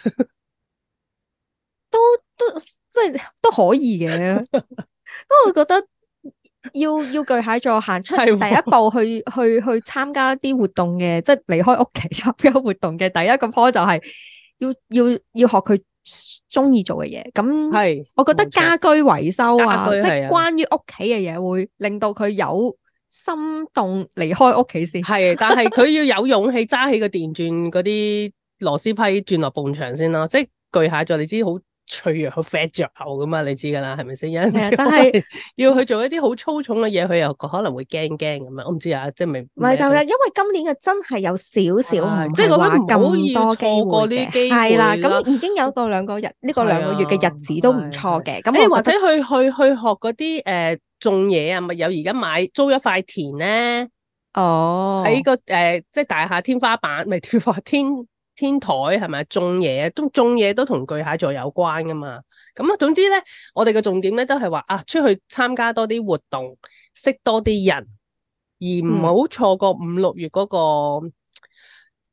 都都即係都可以嘅，不過我覺得。要要巨蟹座行出去第一步去 去去參加一啲活動嘅，即係離開屋企參加活動嘅第一個 point 就係要要要學佢中意做嘅嘢。咁係，是我覺得家居維修啊，即係關於屋企嘅嘢，會令到佢有心動離開屋企先的。係， 但係佢要有勇氣揸起個電鑽啲螺絲批，鑽落埲牆先啦。即係巨蟹座，你知好。.脆弱、fragile 咁啊，你知噶啦，係咪先？因為但係 要去做一啲好粗重嘅嘢，佢又可能會驚驚咁啊！我唔知啊，即係未。唔係，就係因為今年嘅真係有少少唔、啊，即係我都唔咁多機會嘅。係啦，咁已經有個兩個日，呢的個兩個月嘅日子都唔錯嘅。咁誒，或者去去去學嗰啲誒種嘢啊，咪有而家買租一塊田咧？哦，喺個誒、呃、即係大廈天花板咪天花板。天台係咪種嘢？種都種嘢都同巨蟹座有關噶嘛？咁、嗯、啊，總之咧，我哋嘅重點咧都係話啊，出去參加多啲活動，識多啲人，而唔好錯過五六月嗰、嗰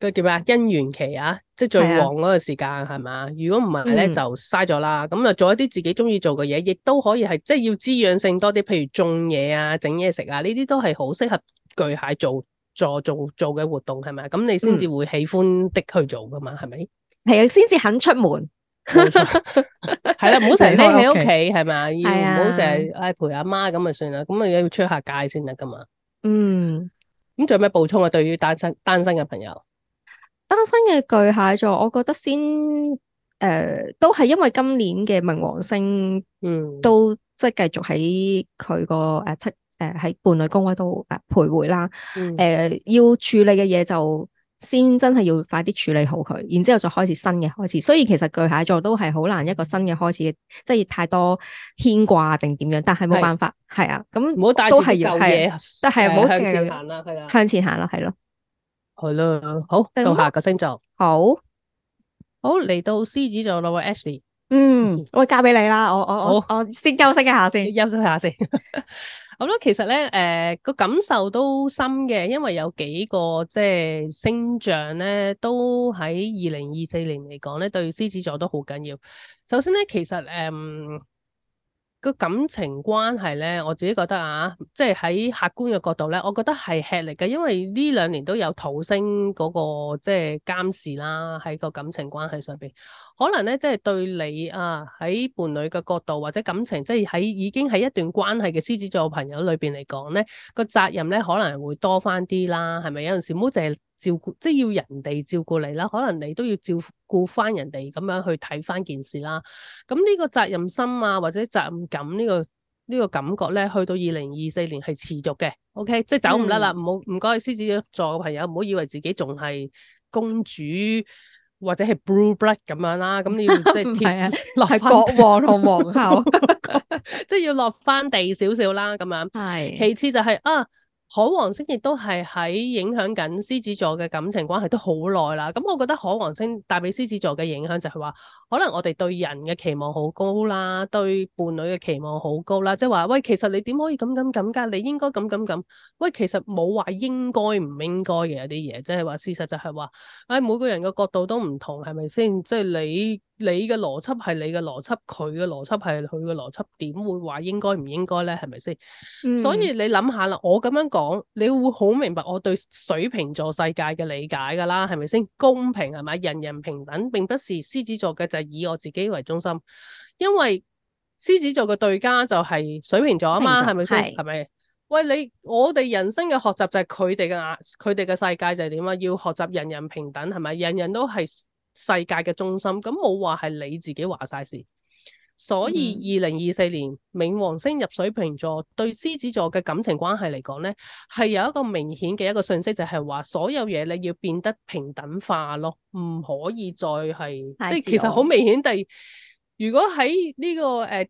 個、嗯、叫咩啊姻緣期啊，即係最旺嗰個時間係咪？如果唔係咧就嘥咗啦。咁啊，是是就嗯、就做一啲自己中意做嘅嘢，亦都可以係即係要滋養性多啲，譬如種嘢啊、整嘢食啊，呢啲都係好適合巨蟹做。做做做嘅活動係咪？咁你先至會喜歡的去做噶嘛？係咪、嗯？係啊，先至肯出門。係啦，唔好成日匿喺屋企係咪？要唔好淨係唉陪阿媽咁啊算啦，咁啊要出下街先得噶嘛。嗯，咁仲有咩補充啊？對於單身單身嘅朋友，單身嘅巨蟹座，我覺得先誒、呃，都係因為今年嘅冥王星,星，嗯，都即係繼續喺佢個誒七。呃呃誒，喺伴侶公係度徘徊啦。誒，要處理嘅嘢就先真係要快啲處理好佢，然之後再開始新嘅開始。所以其實巨蟹座都係好難一個新嘅開始，即係太多牽掛定點樣。但係冇辦法，係啊。咁唔好帶住舊嘢，但係唔好停。向前行啦，係啊。向前行啦，係咯。係咯，好，到下個星座。好，好嚟到獅子座啦，喂 Ashley。嗯，我，交俾你啦。我我我我先休息一下先，休息下先。咁咧，其實咧，誒、呃、個感受都深嘅，因為有幾個即係星象咧，都喺二零二四年嚟講咧，對獅子座都好緊要。首先咧，其實誒。呃個感情關係咧，我自己覺得啊，即係喺客觀嘅角度咧，我覺得係吃力嘅。因為呢兩年都有土星嗰個即係監視啦，喺個感情關係上邊，可能咧即係對你啊喺伴侶嘅角度或者感情，即係喺已經喺一段關係嘅獅子座朋友裏邊嚟講咧，個責任咧可能會多翻啲啦，係咪有陣時唔好淨係～照顧即係要人哋照顧你啦，可能你都要照顧翻人哋咁樣去睇翻件事啦。咁呢個責任心啊，或者責任感呢、呢個呢、呢個感覺咧，去到二零二四年係持續嘅。OK，即係走唔甩啦，唔好唔該獅子座嘅朋友，唔好以為自己仲係公主或者係 blue blood 咁樣啦。咁你要 即係落係國王同皇后， 即係要落翻地少少啦。咁樣係。是其次就係、是、啊。海王星亦都係喺影響緊獅子座嘅感情關係都好耐啦，咁我覺得海王星帶俾獅子座嘅影響就係話可能我哋對人嘅期望好高啦，對伴侶嘅期望好高啦，即係話喂，其實你點可以咁咁咁㗎？你應該咁咁咁。喂，其實冇話應該唔應該嘅，有啲嘢，即係話事實就係話誒每個人嘅角度都唔同，係咪先？即係你你嘅邏輯係你嘅邏輯，佢嘅邏輯係佢嘅邏輯，點會話應該唔應該咧？係咪先？嗯，所以你諗下啦，我咁樣講。講你會好明白我對水瓶座世界嘅理解噶啦，係咪先？公平係咪？人人平等，並不是獅子座嘅就係以我自己為中心，因為獅子座嘅對家就係水瓶座啊嘛，係咪先？係咪是？喂，你我哋人生嘅學習就係佢哋嘅啊，佢哋嘅世界就係點啊？要學習人人平等係咪？人人都係世界嘅中心，咁冇話係你自己話晒事。所以二零二四年冥王星入水瓶座對獅子座嘅感情關係嚟講咧，係有一個明顯嘅一個信息，就係話所有嘢你要變得平等化咯，唔可以再係即係其實好明顯地，如果喺呢個誒。呃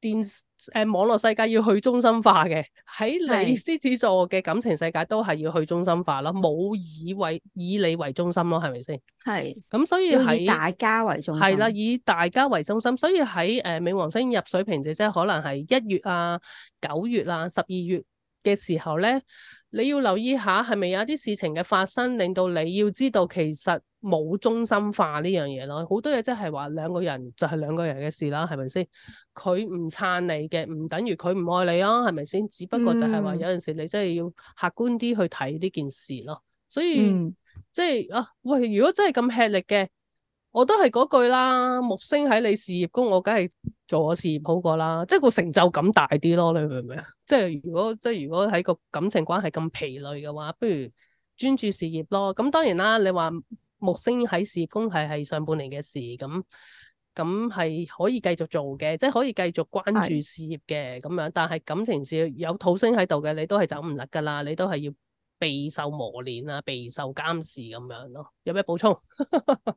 電誒、呃、網絡世界要去中心化嘅，喺你獅子座嘅感情世界都係要去中心化咯，冇是以為以你為中心咯，係咪先？係是。咁、嗯、所以係大家為中心。係啦，以大家為中心，所以喺誒，冥王星入水瓶座，即係可能係一月啊、九月啊、十二月嘅時候咧。你要留意下係咪有一啲事情嘅發生，令到你要知道其實冇中心化呢樣嘢咯。好多嘢即係話兩個人就係兩個人嘅事啦，係咪先？佢唔撐你嘅，唔等於佢唔愛你啊，係咪先？只不過就係話有陣時你真係要客觀啲去睇呢件事咯。所以，嗯，即係啊，喂，如果真係咁吃力嘅～我都係嗰句啦，木星喺你事業宮，我梗係做我事業好過啦，即係個成就感大啲咯。你明唔明啊？即係如果即係如果喺個感情關係咁疲累嘅話，不如專注事業咯。咁當然啦，你話木星喺事業宮係係上半年嘅事，咁咁係可以繼續做嘅，即係可以繼續關注事業嘅咁的樣。但係感情事有土星喺度嘅，你都係走唔甩噶啦，你都係要。備受磨練啊，備受監視咁樣咯，有咩補充？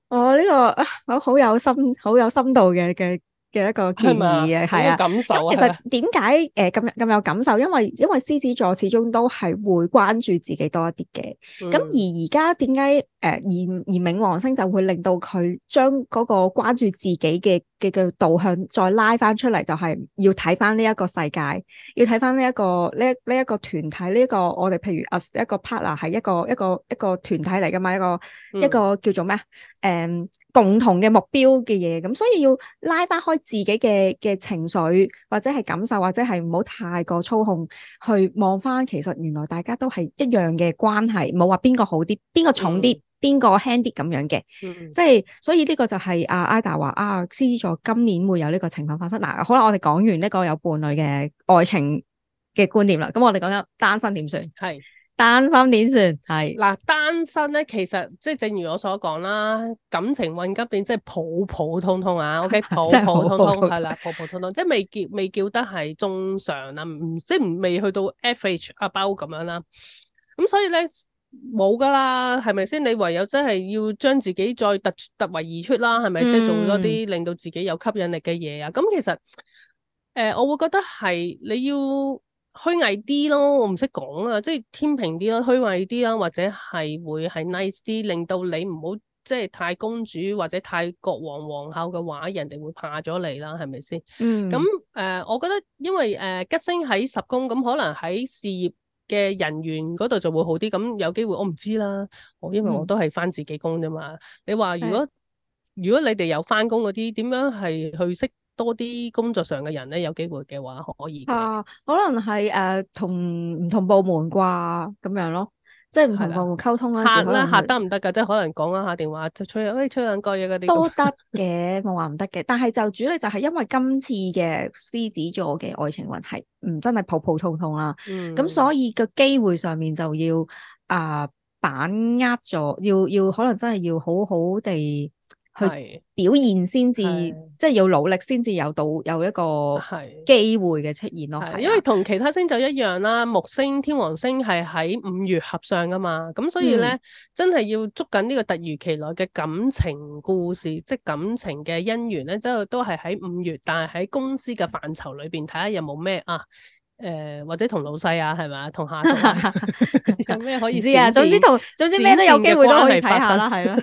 我 呢、哦這個好有心，好有深度嘅嘅。嘅一個建議嘅，係吧啊，感受啊。嗯、其實點解誒咁咁有感受？因為因為獅子座始終都係會關注自己多一啲嘅。咁、嗯、而、呃、而家點解誒而而冥王星就會令到佢將嗰個關注自己嘅嘅嘅導向再拉翻出嚟？就係、是、要睇翻呢一個世界，要睇翻呢一個呢呢一個團體，呢個我哋譬如 us 一個 partner 係一個一個一個團體嚟噶嘛？一個、嗯、一個叫做咩啊？誒、um,。共同嘅目標嘅嘢，咁所以要拉翻開自己嘅嘅情緒，或者係感受，或者係唔好太過操控，去望翻其實原來大家都係一樣嘅關係，冇話邊個好啲，邊個重啲，邊個、嗯、輕啲咁樣嘅，即係、嗯就是、所以呢個就係阿 Ada 話啊，獅子、啊、座今年會有呢個情況發生。嗱、啊，好啦，我哋講完呢個有伴侶嘅愛情嘅觀念啦，咁我哋講緊單身點算。係。單身點算係？嗱，單身咧，其實即係正如我所講啦，感情運急年即係普普通通啊。O K，普普通通係啦，普普通通， 即係未叫未叫得係中常啊，唔即係唔未去到 F H 阿包咁樣、啊、啦。咁所以咧冇噶啦，係咪先？你唯有真係要將自己再突突圍而出啦，係咪？嗯、即係做多啲令到自己有吸引力嘅嘢啊。咁其實誒、呃，我會覺得係你要。虛偽啲咯，我唔識講啊，即係天平啲咯，虛偽啲啦，或者係會係 nice 啲，令到你唔好即係太公主或者太國王皇后嘅話，人哋會怕咗你啦，係咪先？嗯，咁誒、呃，我覺得因為誒、呃、吉星喺十宮，咁、嗯嗯、可能喺事業嘅人員嗰度就會好啲。咁有機會我唔知啦，我因為我都係返自己工啫嘛。你話如果、嗯、如果你哋有返工嗰啲，點樣係去識？多啲工作上嘅人咧，有機會嘅話可以嚇、啊，可能係誒同唔同部門啩咁樣咯，即係唔同部門溝通嗰時啦嚇得唔得㗎？即係可能講一下電話，吹下，哎吹兩句嘢嗰啲都得嘅，我話唔得嘅。但係就主要就係因為今次嘅獅子座嘅愛情運係唔真係普普通通啦，咁、嗯、所以個機會上面就要啊、呃，把握咗，要要，要，要，要可能真係要好好地。去表現先至，的即係要努力先至有到有一個機會嘅出現咯。因為同其他星就一樣啦，木星天王星係喺五月合相噶嘛，咁所以咧、嗯、真係要捉緊呢個突如其來嘅感情故事，即係感情嘅姻緣咧，都都係喺五月，但係喺公司嘅範疇裏邊睇下有冇咩啊。誒、呃，或者同老細啊，係咪，同下屬、啊、 有咩可以？唔知啊，總之同總之咩都有機會都可以睇下啦，係咯，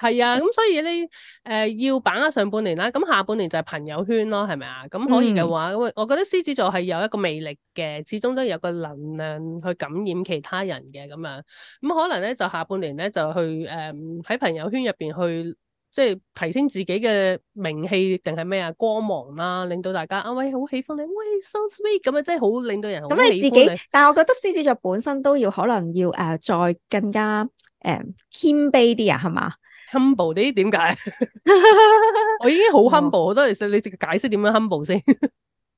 係 啊，咁所以咧，誒、呃，要把握上半年啦，咁下半年就係朋友圈咯，係咪啊？咁可以嘅話，咁、嗯、我覺得獅子座係有一個魅力嘅，始終都有個能量去感染其他人嘅咁樣，咁可能咧就下半年咧就去誒喺、呃、朋友圈入邊去。即係提升自己嘅名氣定係咩啊光芒啦、啊，令到大家啊喂好喜歡你，喂 so sweet 咁啊，真係好令到人好。咁你自己，但係我覺得獅子座本身都要可能要誒、呃、再更加誒謙、呃、卑啲啊，係嘛？humble 啲？點解？ 我已經好 humble，、嗯、我都係想你解釋點樣 humble 先。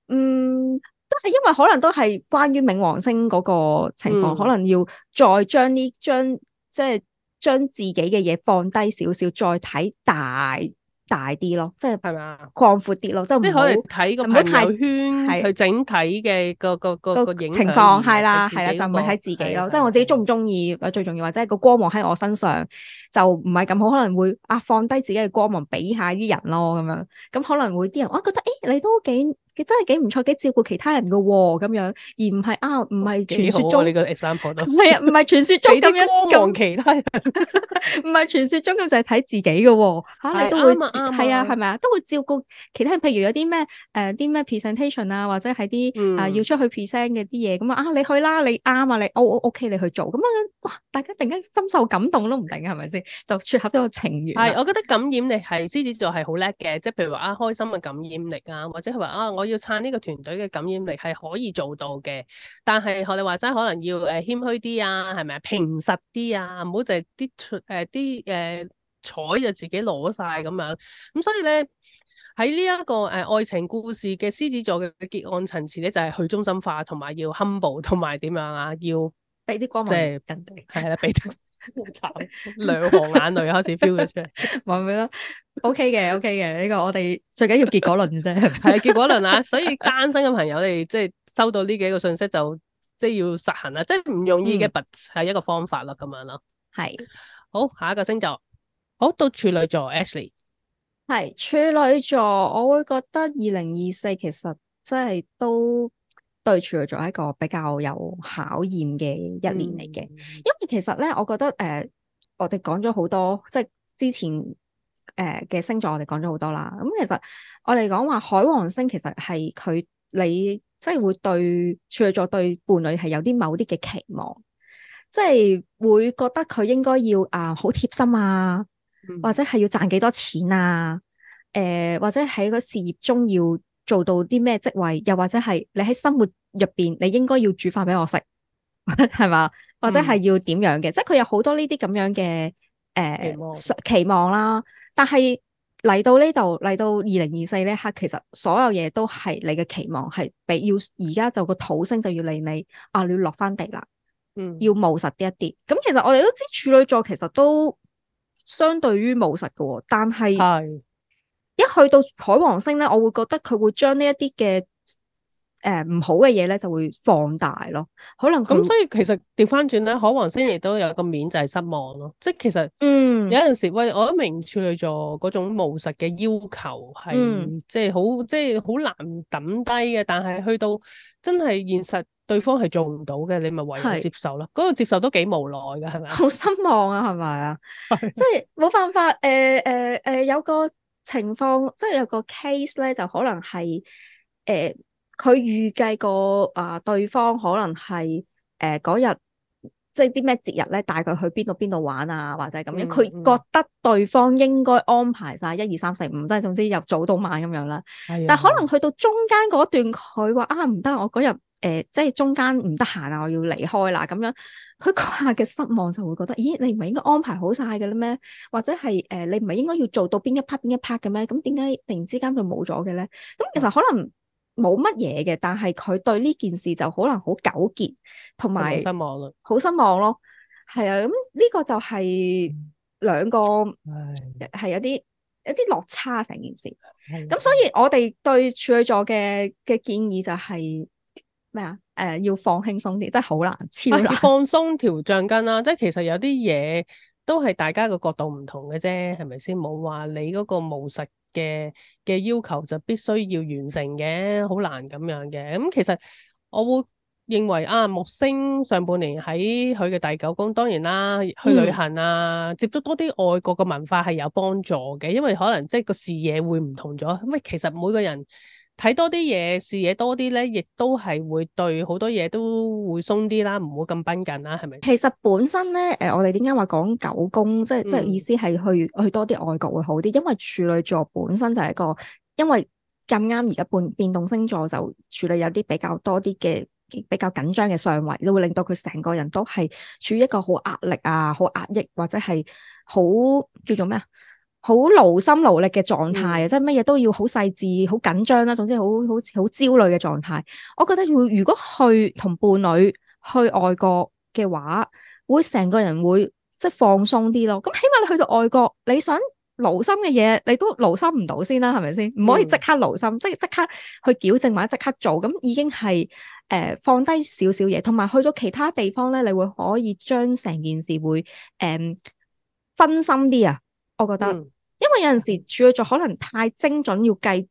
嗯，都係因為可能都係關於冥王星嗰個情況，嗯、可能要再將呢張即係。將自己嘅嘢放低少少，再睇大大啲咯，即係係咪啊，擴闊啲咯，即係唔好睇個朋友圈，係，去整體嘅個個個個情況係啦，係啦，就唔會睇自己咯，即係我自己中唔中意，最最重要或者係個光芒喺我身上就唔係咁好，可能會啊放低自己嘅光芒俾下啲人咯，咁樣咁可能會啲人我覺得誒、哎、你都幾。佢真係幾唔錯，幾照顧其他人嘅喎咁樣，而唔係啊，唔係傳説咗幾呢個 example 都係啊，唔、這、係、個、傳説中咁樣咁樣照顧其他人，唔 係傳説中咁就係、是、睇自己嘅喎、哦啊、你都會係啊，係咪啊，啊，都會照顧其他人。譬如有啲咩誒啲咩 presentation 啊，或者係啲啊要出去 present 嘅啲嘢咁啊，你去啦，你啱啊，你 O、oh, K、okay, 你去做咁啊，哇！大家突然間深受感動都唔定係咪先，就撮合咗個情緣。係，我覺得感染力係獅子座係好叻嘅，即係譬如話啊，開心嘅感染力啊，或者係話啊，我、啊。啊啊啊啊啊要撐呢個團隊嘅感染力係可以做到嘅，但係學你話齋可能要誒謙虛啲啊，係咪啊，平實啲啊，唔好就係啲誒啲誒彩就自己攞晒咁樣，咁所以咧喺呢一、這個誒、呃、愛情故事嘅獅子座嘅結案層次咧，就係、是、去中心化同埋要 humble 同埋點樣啊，要俾啲光、就是，芒，即係係啦，俾啲。慘，兩行眼淚開始飄咗出嚟，話畀你聽咯，OK 嘅，OK 嘅，呢、這個我哋最緊要結果論啫，係啊 結果論啊，所以單身嘅朋友你即係收到呢幾個信息就即係要實行啦，即係唔容易嘅，but 係一個方法啦，咁樣啦，係是好下一個星座，好到處女座 Ashley，係處女座我會覺得二零二四其實真係都。對處女座係一個比較有考驗嘅一年嚟嘅，嗯、因為其實咧，我覺得誒、呃，我哋講咗好多，即係之前誒嘅、呃、星座我講，我哋講咗好多啦。咁其實我哋講話海王星，其實係佢你即係會對處女座對伴侶係有啲某啲嘅期望，即係會覺得佢應該要啊好貼心啊，或者係要賺幾多錢啊，誒、呃，或者喺個事業中要。做到啲咩職位，又或者係你喺生活入邊，你應該要煮飯俾我食，係 嘛吧？嗯、或者係要點樣嘅？即係佢有好多呢啲咁樣嘅誒、呃、期，望期望啦。但係嚟到呢度，嚟到二零二四呢一刻，其實所有嘢都係你嘅期望，係比要而家就個土星就要嚟你啊，你要落翻地啦。嗯要一點一點，要務實啲一啲。咁其實我哋都知處女座其實都相對於務實嘅，但係係。一去到海王星咧，我會覺得佢會將、呃、呢一啲嘅誒唔好嘅嘢咧，就會放大咯。可能咁、嗯，所以其實調翻轉咧，海王星亦都有一個面就係失望咯。即係其實，嗯，嗯有陣時喂，我諗明處女座嗰種務實嘅要求係，即係好，即係好難抌低嘅。但係去到真係現實，對方係做唔到嘅，你咪唯有接受咯。嗰是個接受都幾無奈噶，係咪？好失望啊，係咪啊？ 即係冇辦法，誒誒誒，有個。情況即係有個 case 咧，就可能係誒，佢、呃、預計過啊，對方可能係誒嗰日，即係啲咩節日咧，帶佢去邊度邊度玩啊，或者咁樣，佢、嗯嗯、覺得對方應該安排晒一二三四五，即係總之由早到晚咁樣啦。嗯嗯、但係可能去到中間嗰段，佢話啊，唔得，我嗰日。誒、呃，即係中間唔得閒啊，我要離開啦，咁樣，佢嗰下嘅失望就會覺得，咦，你唔係應該安排好晒嘅啦咩？或者係誒、呃，你唔係應該要做到邊一 part 邊一 part 嘅咩？咁點解突然之間就冇咗嘅咧？咁其實可能冇乜嘢嘅，但係佢對呢件事就可能好糾結，同埋好失望咯，好失望咯，係啊，咁呢個就係兩個係唉有啲有啲落差成件事，咁的所以我哋對處女座嘅嘅建議就係、是。咩、嗯、要放輕鬆啲，真係好難，超難、啊、放鬆條橡筋啦，即係其實有啲嘢都係大家個角度唔同嘅啫，係咪先？冇話你嗰個務實嘅嘅要求就必須要完成嘅，好難咁樣嘅。咁其實我會認為啊，木星上半年喺佢嘅第九宮，當然啦，去旅行啊，嗯、接觸多啲外國嘅文化係有幫助嘅，因為可能即係個視野會唔同咗。咁其實每個人。睇多啲嘢，視野多啲咧，亦都係會對好多嘢都會鬆啲啦，唔好咁繃緊啦，係咪？其實本身咧，誒，我哋點解話講九宮，即係、嗯、即係意思係去去多啲外國會好啲，因為處女座本身就係一個，因為咁啱而家變變動星座就處女有啲比較多啲嘅比較緊張嘅上位，會令到佢成個人都係處於一個好壓力啊、好壓抑或者係好叫做咩啊？好勞心勞力嘅狀態啊，嗯、即係乜嘢都要好細致、好緊張啦。總之好好好焦慮嘅狀態，我覺得如果去同伴侶去外國嘅話，會成個人會即係放鬆啲咯。咁起碼你去到外國，你想勞心嘅嘢，你都勞心唔到先啦、啊，係咪先？唔可以即刻勞心，嗯、即係即刻去矯正或者即刻做，咁已經係誒、呃、放低少少嘢。同埋去咗其他地方咧，你會可以將成件事會誒、嗯、分心啲啊。我覺得，因為有陣時處女座可能太精準，要計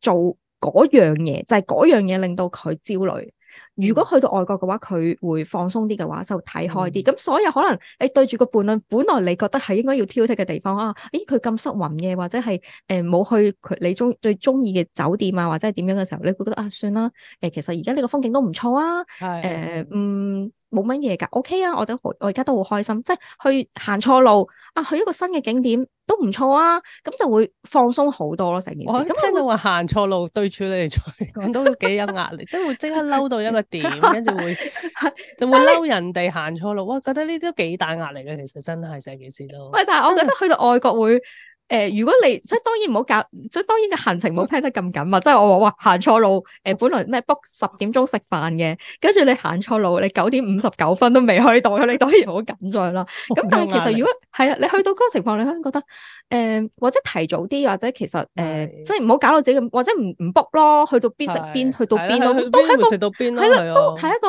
做嗰樣嘢，就係、是、嗰樣嘢令到佢焦慮。如果去到外國嘅話，佢會放鬆啲嘅話，就睇開啲。咁、嗯嗯、所以可能，你對住個伴侶，本來你覺得係應該要挑剔嘅地方啊，咦佢咁失魂嘅，或者係誒冇去佢你中最中意嘅酒店啊，或者係點樣嘅時候，你會覺得啊算啦，誒、呃、其實而家呢個風景都唔錯啊，誒的、呃、嗯冇乜嘢噶，OK 啊，我都我而家都好開心，即係去行錯路啊，去一個新嘅景點。都唔錯啊，咁就會放鬆好多咯，成件事。我聽到話行錯路對處理嚟講都幾有壓力， 即係會即刻嬲到一個點，跟住 會， 就會嬲人哋行錯路。我 覺得呢啲都幾大壓力嘅，其實真係成件事都。喂，但係我覺得去到外國會。 誒，如果你即係當然唔好搞，即係當然個行程唔好 plan 得咁緊嘛。即係我話哇，行錯路，誒，本來咩 book 十點鐘食飯嘅，跟住你行錯路，你九點五十九分都未去到，你當然好緊張啦。咁但係其實如果係啦，你去到嗰個情況，你可能覺得誒，或者提早啲，或者其實誒，即係唔好搞到自己咁，或者唔唔 book 咯，去到邊食邊去到邊咯，都係一個係啦，都係一個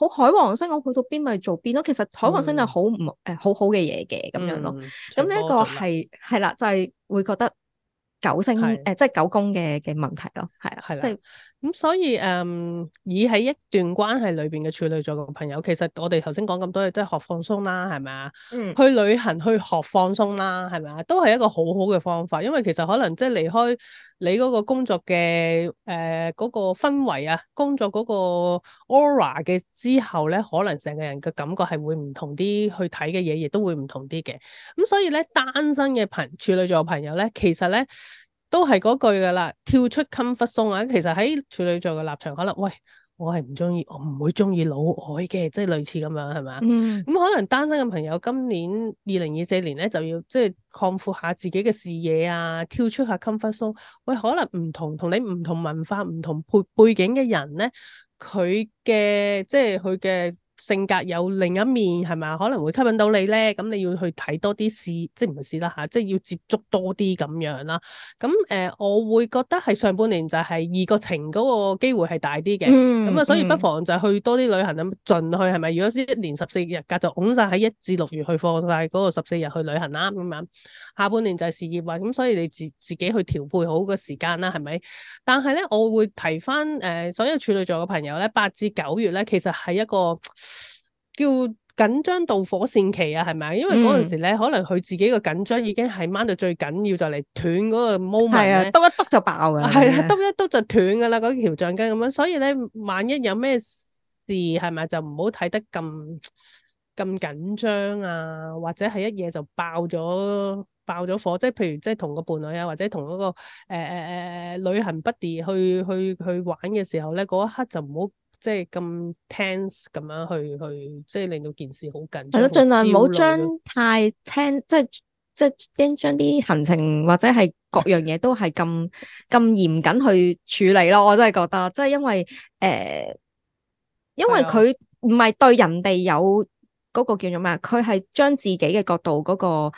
好海王星，我去到邊咪做邊咯。其實海王星係好唔誒好好嘅嘢嘅咁樣咯。咁呢一個係係啦，就係。係會覺得九星誒的、呃，即係九宮嘅嘅問題咯，係啊，的即係。咁、嗯、所以，嗯，以喺一段關係裏邊嘅處女座嘅朋友，其實我哋頭先講咁多嘢，都係學放鬆啦，係咪啊？嗯、去旅行，去學放鬆啦，係咪啊？都係一個好好嘅方法，因為其實可能即係離開你嗰個工作嘅誒嗰個氛圍啊，工作嗰個 aura 嘅之後咧，可能成個人嘅感覺係會唔同啲，去睇嘅嘢亦都會唔同啲嘅。咁、嗯、所以咧，單身嘅朋處女座嘅朋友咧，其實咧。都係嗰句噶啦，跳出 c 忽松，f 其實喺處女座嘅立場，可能喂，我係唔中意，我唔會中意老外嘅，即、就、係、是、類似咁樣，係咪啊？咁、嗯嗯、可能單身嘅朋友，今年二零二四年咧，就要即係、就是、擴闊下自己嘅視野啊，跳出下 c 忽松。喂，可能唔同同你唔同文化、唔同背背景嘅人咧，佢嘅即係佢嘅。就是性格有另一面係咪？可能會吸引到你咧，咁你要去睇多啲試，即係唔係試啦嚇，即係要接觸多啲咁樣啦。咁誒、呃，我會覺得係上半年就係二個情嗰個機會係大啲嘅，咁啊、嗯，嗯、所以不妨就去多啲旅行咁進去係咪？如果一年十四日假就擁曬喺一至六月去放晒嗰個十四日去旅行啦。咁樣，下半年就係事業運，咁所以你自自己去調配好個時間啦，係咪？但係咧，我會提翻誒、呃、所有處女座嘅朋友咧，八至九月咧，其實係一個。叫緊張導火線期啊，係咪？因為嗰陣時咧，嗯、可能佢自己個緊張已經係掹到最緊要就嚟、嗯、斷嗰個 moment，係啊，篤一篤就爆㗎，係啊，篤一篤就斷㗎啦嗰條橡筋咁樣。所以咧，萬一有咩事係咪就唔好睇得咁咁緊張啊？或者係一嘢就爆咗爆咗火，即係譬如即係同個伴侶啊，或者同嗰個誒誒誒旅行 buddies 去去去，去玩嘅時候咧，嗰一刻就唔好。即係咁 tense 咁樣去去，即係令到件事好緊張。係咯，盡量唔好將太 tense，即係即係將啲行程或者係各樣嘢都係咁咁嚴謹去處理咯。我真係覺得，即係因為誒、呃，因為佢唔係對人哋有嗰個叫做咩，佢係將自己嘅角度嗰個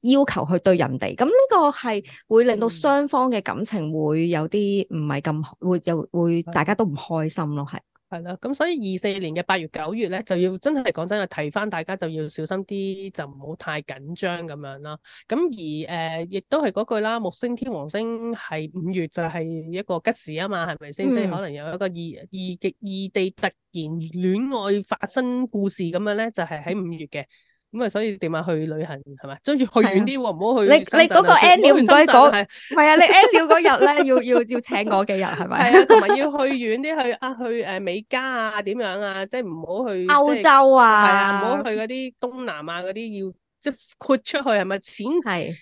要求去對人哋。咁呢個係會令到雙方嘅感情會有啲唔係咁會有會，會大家都唔開心咯，係。係啦，咁所以二四年嘅八月、九月咧，就要真係講真係，提翻大家就要小心啲，就唔好太緊張咁樣啦。咁而誒、呃，亦都係嗰句啦，木星天王星係五月就係一個吉時啊嘛，係咪先？嗯、即係可能有一個異異極異地突然戀愛發生故事咁樣咧，就係喺五月嘅。咁啊，所以點啊去旅行係咪？中意去遠啲，唔好、啊、去、啊。你去你嗰、那個 end 了唔該講，係，係啊，你 end 了嗰日咧，要要要請幾日係咪？係啊，同埋要去遠啲去啊，去誒美加啊，點樣啊？即係唔好去歐洲啊，係啊，唔好去嗰啲東南啊嗰啲，要即係豁出去係咪？錢係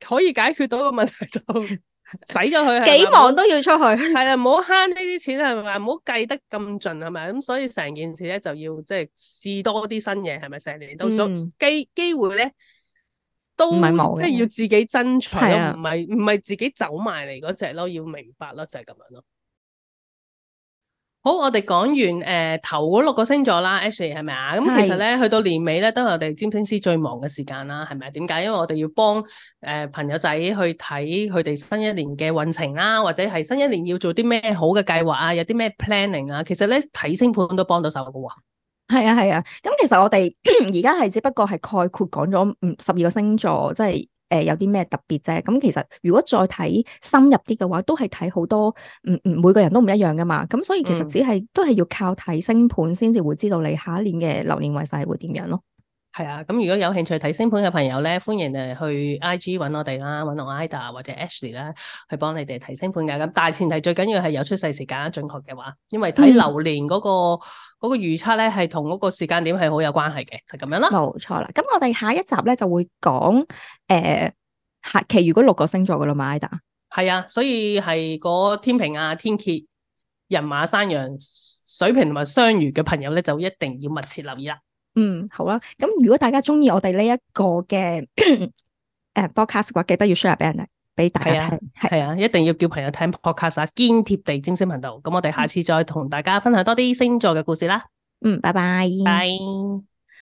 可以解決到個問題就。使咗佢，幾忙都要出去。係 啦，唔好慳呢啲錢係咪？唔好計得咁盡係咪？咁所以成件事咧就要即係試多啲新嘢係咪？成年到咗機機會咧都即係要自己爭取，唔係唔係自己走埋嚟嗰隻咯，要明白啦，就係咁樣咯。好，我哋講完誒、呃、頭六個星座啦，Ashley 係咪啊？咁其實咧，去到年尾咧，都係我哋占星師最忙嘅時間啦，係咪啊？點解？因為我哋要幫誒、呃、朋友仔去睇佢哋新一年嘅運程啦，或者係新一年要做啲咩好嘅計劃啊，有啲咩 planning 啊？其實咧，睇星盤都幫到手噶喎。係啊，係啊，咁其實我哋而家係只不過係概括講咗唔十二個星座，即係。誒、呃，有啲咩特別啫？咁其實如果再睇深入啲嘅話，都係睇好多，唔唔每個人都唔一樣噶嘛。咁所以其實只係、嗯、都係要靠睇星盤先至會知道你下一年嘅流年運勢會點樣咯。係啊，咁如果有興趣睇星盤嘅朋友咧，歡迎誒去 IG 揾我哋啦，揾我、A、Ida 或者 Ashley 啦，去幫你哋睇星盤噶。咁但係前提最緊要係有出世時間準確嘅話，因為睇流年嗰個嗰、嗯、個預測咧，係同嗰個時間點係好有關係嘅，就咁、是、樣啦。冇錯啦，咁我哋下一集咧就會講誒、呃、下期如果六個星座噶啦，嘛 Ida。係啊，所以係個天秤啊、天蠍、人馬、山羊、水瓶同埋雙魚嘅朋友咧，就一定要密切留意啦。嗯，好啦，啊，咁如果大家中意我哋呢一個嘅誒 podcast 嘅話，呃、cast，記得要 share 俾人哋，俾大家睇，係啊，是啊，一定要叫朋友睇 podcast 啊，堅貼地占星頻道，咁、嗯、我哋下次再同大家分享多啲星座嘅故事啦。嗯，拜拜，拜。